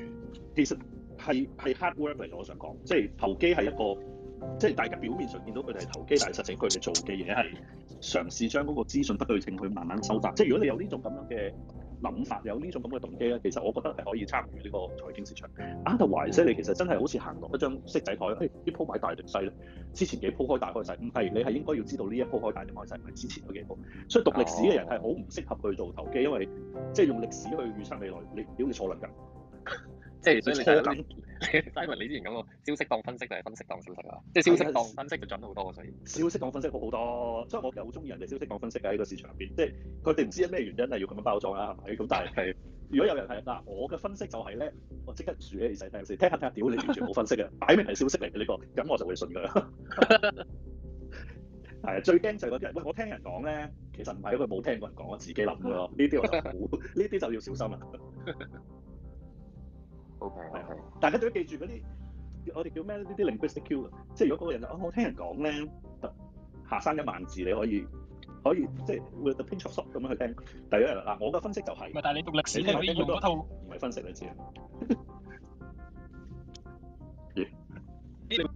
其實係係 hard work 嚟，我想講，即係投機係一個即係大家表面上見到佢哋係投機，但係實際佢哋做嘅嘢係嘗試將嗰個資訊不對稱去慢慢收集。即係如果你有呢種咁樣嘅諗法，有呢種咁嘅動機咧，其實我覺得係可以參與呢個財經市場。安德懷斯，你其實真係好似行落一張色仔台，誒、嗯、啲、欸、鋪開大定細咧。之前幾鋪開大開細，唔係，你係應該要知道呢一鋪開大定開細唔係之前嗰幾鋪。所以讀歷史嘅人係好唔適合去做投機，因為即係用歷史去預測未來，你表現錯亂㗎。 即係所以你就係，第一個你之前講過，消息當分析定係分析當消息啊？即係消息當分析就準好多喎。所以消息當分析好好多，所以我好中意人哋消息當分析嘅喺、呢個市場入邊，即係佢哋唔知咩原因係要咁樣包裝啦，係咪咁？但係如果有人係嗱、啊，我嘅分析就係、是、咧，我即刻住咧耳仔，聽先，聽下聽下，屌你完全冇分析嘅， 擺明係消息嚟嘅呢個，咁我就會信佢。係啊，最驚就係嗰啲人，喂，我聽人講咧，其實唔係，因為冇聽過人講，我自己諗嘅咯。呢啲我就唔好，呢 啲就要小心啦。 係啊，大家都要記住嗰啲我哋叫咩呢啲 linguistic cue，即係如果嗰個人就哦，我聽人講咧，下山一萬字你可以，可以即係會得 pinch of salt 咁樣去聽。第一日，嗱，我嘅分析就係，唔係，但係你讀歷史你可以用嗰套唔係分析你知啊。咦？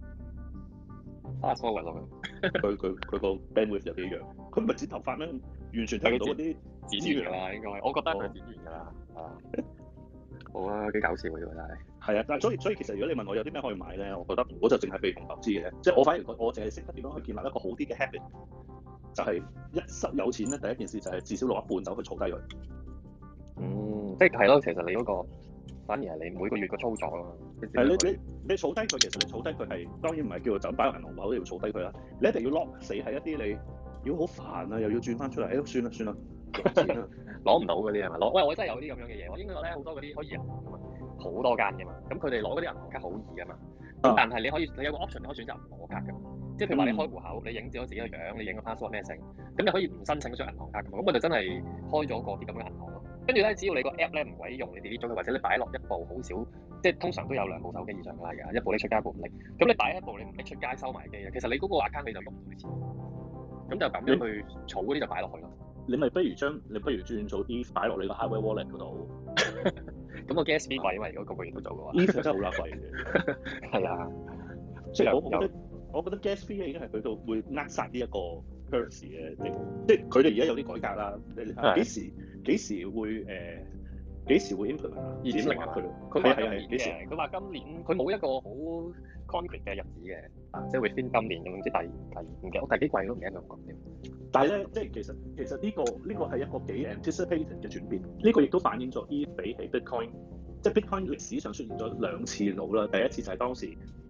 阿科揼落去，佢佢佢個 bandwidth 有幾樣？佢唔係剪頭髮咩？完全睇到嗰啲剪，剪完啦，應該我覺得佢剪完㗎啦。 好啊，幾搞笑喎！呢個真係係啊，但係所以所以其實如果你問我有啲咩可以買咧，我覺得我就淨係被動投資嘅啫。即係我反而覺我淨係識得點樣去建立一個好啲嘅 habit，就係、是、一有錢咧，第一件事就係至少攞一半走去儲低佢。嗯，即係係咯，其實你嗰、那個反而係你每個月嘅操作咯。誒，你你你儲低佢，其實你儲低佢係當然唔係叫做擺入銀行嗰啲去儲低佢啦。你一定要 lock 死喺一啲你如果好煩啊，又要轉翻出嚟。誒、欸，算啦算啦。算攞 唔到嗰啲係咪？攞，喂，我真係有啲咁樣嘅嘢，我應該咧好多嗰啲可以啊，好多間嘅嘛。咁佢哋攞嗰啲銀行卡好易㗎嘛。咁但係你可以，你有個 option 你可以選擇唔攞卡㗎。即係譬如話你開戶口，嗯、你影照咗自己個樣，你影個 passport 咩性，咁你可以唔申請嗰張銀行卡㗎嘛。咁我就真係開咗個啲咁嘅銀行咯。跟住咧，只要你個 app 咧唔鬼用你哋呢種，或者你擺落一部好少，即係通常都有兩部手機以上㗎啦，而家一部你出街，一部唔拎。咁你擺一部你唔拎出街收埋機啊，其實你嗰個 account 你就用唔到啲錢。咁就咁樣去儲嗰啲就擺落去咯。嗯。你咪不如將你不如轉做啲 ETH 擺落你個 Hardware Wallet 度，咁個 Gas 費因為如果個個月都做嘅話呢 ETH 真係好鬼貴嘅，係 啊，即係我覺得我覺得 Gas Fee 已經係去到會扼殺呢一個 Currency 嘅地步，即即係佢哋而家有啲改革啦，幾時幾時會誒？呃幾時會 implement？二點零啊，佢佢話係幾時？佢話今年佢冇一個好 concrete 嘅日子嘅啊，即、就、係、是、會先今年定唔知第第二唔記得第幾季唔記得咁講添。但係咧，即 係其實其實呢、呢個呢、呢個係一個幾 anticipated 嘅轉變。呢 個亦都反映咗 E 比起 Bitcoin，即係 Bitcoin 歷史上出現咗兩次腦啦。第一次就係當時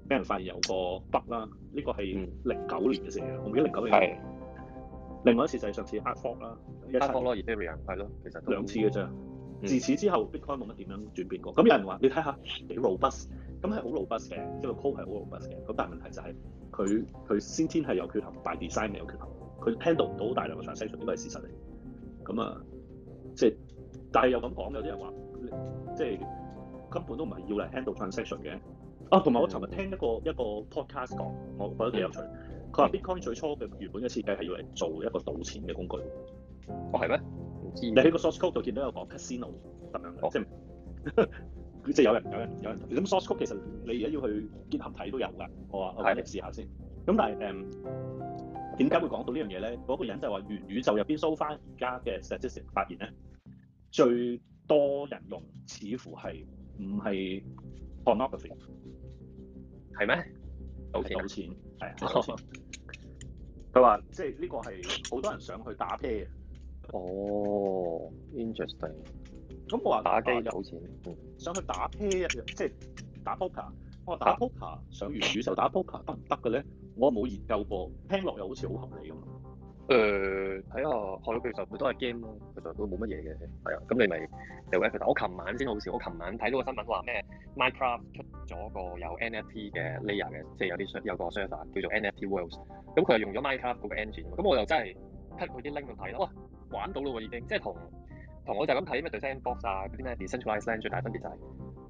俾人發現有個 bug 啦，呢個係零九年嘅時候。嗯、我唔記得零九年。係。另外一次就係上次 hard fork 啦 hard fork 咯係其實兩次嘅啫。嗯、自此之後，Bitcoin 冇乜點樣轉變過。咁、嗯嗯、有人話：你睇下幾 robust，咁係好 robust 嘅，呢個 call 係好 robust 嘅。咁、嗯這個嗯、但係問題就係佢佢先天係有缺陷，by design 係、嗯、有缺陷。佢 handle 唔到大量嘅 transaction，呢個係事實嚟。咁、嗯、啊、嗯嗯嗯，即係，但係又咁講，有啲人話，即係根本都唔係要嚟 handle transaction 嘅。啊，同埋我尋日、嗯、聽一個一個 podcast 講，我覺得幾有趣。佢、嗯、話、嗯、Bitcoin 最初嘅原本嘅設計係要嚟做一個賭錢嘅工具。哦，係咩？你喺個 source code 度見到有講 casino，咁樣嘅？即係即係有人有人有人。咁 source code 其實你而家要去結合睇都有㗎。我話我你試下先。咁但係誒，點、嗯、解會講到呢樣嘢咧？嗰、那個人就係話，元宇宙入邊搜翻而家嘅 statistic 發現咧，最多人用似乎係唔係 pornography 是。係咩？賭錢賭錢，係啊。佢、哦、話即係呢個係好多人想去打啤嘅。哦，interesting。咁我話打機攪錢，嗯，想去打 p a y 一樣，即係打 poker、嗯。我話打 poker，上完主就打 poker，得唔得嘅咧？我冇研究過，聽落又好似好合理咁啊。誒、呃，睇下，我其實佢都係 game 咯，其實都冇乜嘢嘅，係啊。咁你咪有 ever？我琴晚先好笑，我琴晚睇到個新聞話咩？Minecraft 出咗個有 NFT 嘅 layer 嘅，即、就、係、是、有啲有個 server 叫做 NFT Worlds。咁佢係用咗 Minecraft 嗰個 engine。咁我又真係 cut 佢啲 link 度睇，哇、哦！玩到咯喎已經，即係同同我就咁睇啲咩 Sandbox 啊，嗰啲咩 Decentraland，最大分別就係、是，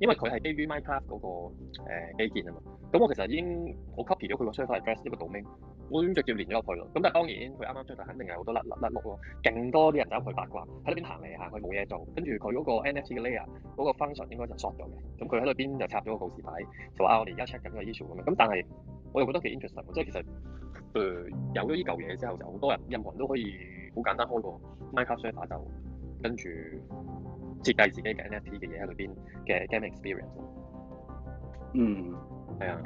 因為佢係基於 Minecraft 嗰個基建啊嘛。咁我其實已經好 copy 咗佢個 server address 一個 domain，我直接連咗入去咯。咁但係當然佢啱啱出，就肯定係好多甩甩甩碌咯，勁多啲人走入去八卦，喺裏邊行嚟行去冇嘢做。跟住佢嗰個 NFT 嘅 layer，嗰個 function 應該就鎖咗嘅。咁佢喺裏邊就插咗個告示牌，就話我哋而家 check 緊個 issue 咁樣。咁但係我又覺得幾 interesting 喎，即係其實誒有咗依嚿嘢之後，就好多人任何人都可以。好簡單開個 microserver 就跟住設計自己嘅 NFT 嘅嘢喺裏邊嘅 game experience，嗯，係啊，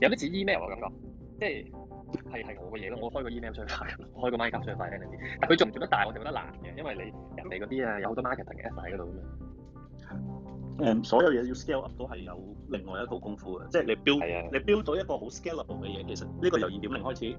有啲似 email 嘅感覺，即係係係我嘅嘢咯。我開個 email server，開個 microserver NFT，但佢做唔做得大，我就覺得難嘅，因為你人哋嗰啲啊有好多 marketing e f p o 喺嗰度咁樣。誒、嗯，所有嘢要 scale up 都係有另外一套功夫嘅，即、就、係、是、你 b u i 你 b 咗一個好 scalable 嘅嘢，其實呢個由二點零開始。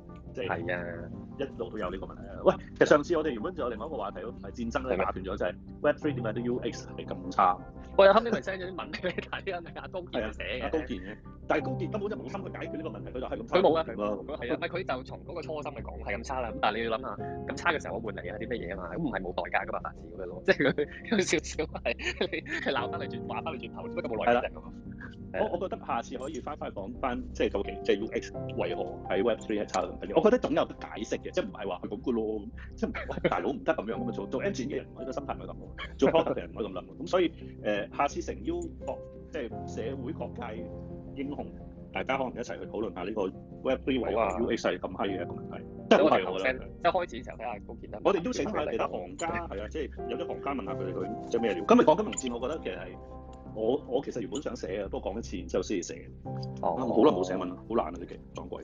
即係啊，一路都有呢個問題啊。喂，其實上次我哋原本仲有另外一個話題咯，係戰爭咧打斷咗，就係，就係 Web Three 點解啲 UX 係咁差？喂，啱先咪 send 咗啲文俾你睇啊，咪 阿高健寫阿高健嘅，但係高健根本就冇心去解決呢個問題，佢就係咁。佢冇啊，佢係啊，唔係佢就從嗰個初心嚟講係咁差啦。咁但係你要諗下，咁差嘅時候我換嚟啊，啲咩嘢啊嘛，咁唔係冇代價嘅嘛，大致咁樣咯，即係佢有少少係鬧翻你轉，話翻你轉頭都冇代價。係啦，我我覺得下次可以翻翻去講翻，即係究竟即係 UX 為何喺 Web Three 係差到咁。我覺得總有得解釋嘅，即係唔係話佢咁嘅咯， 即係大佬唔得咁樣，咁咪做做 M 端嘅人，呢個心態唔係咁，做 Portal 嘅人唔係咁諗。咁所以誒、呃，下次成邀各即係社會各界英雄，大家可能一齊去討論下呢個 Web3 與 UA 係咁 h 嘅一個問題。即係我哋後生，即係開始嘅時候比較高見得。我哋邀請下其他行家，係啊，即係、就是、有啲行家問下佢哋嗰即咩料。咁日講緊文字，我覺得其實係我我其實原本想寫嘅，不過講一次，然之後先至寫。哦，好耐冇寫文好難啊，即係撞鬼。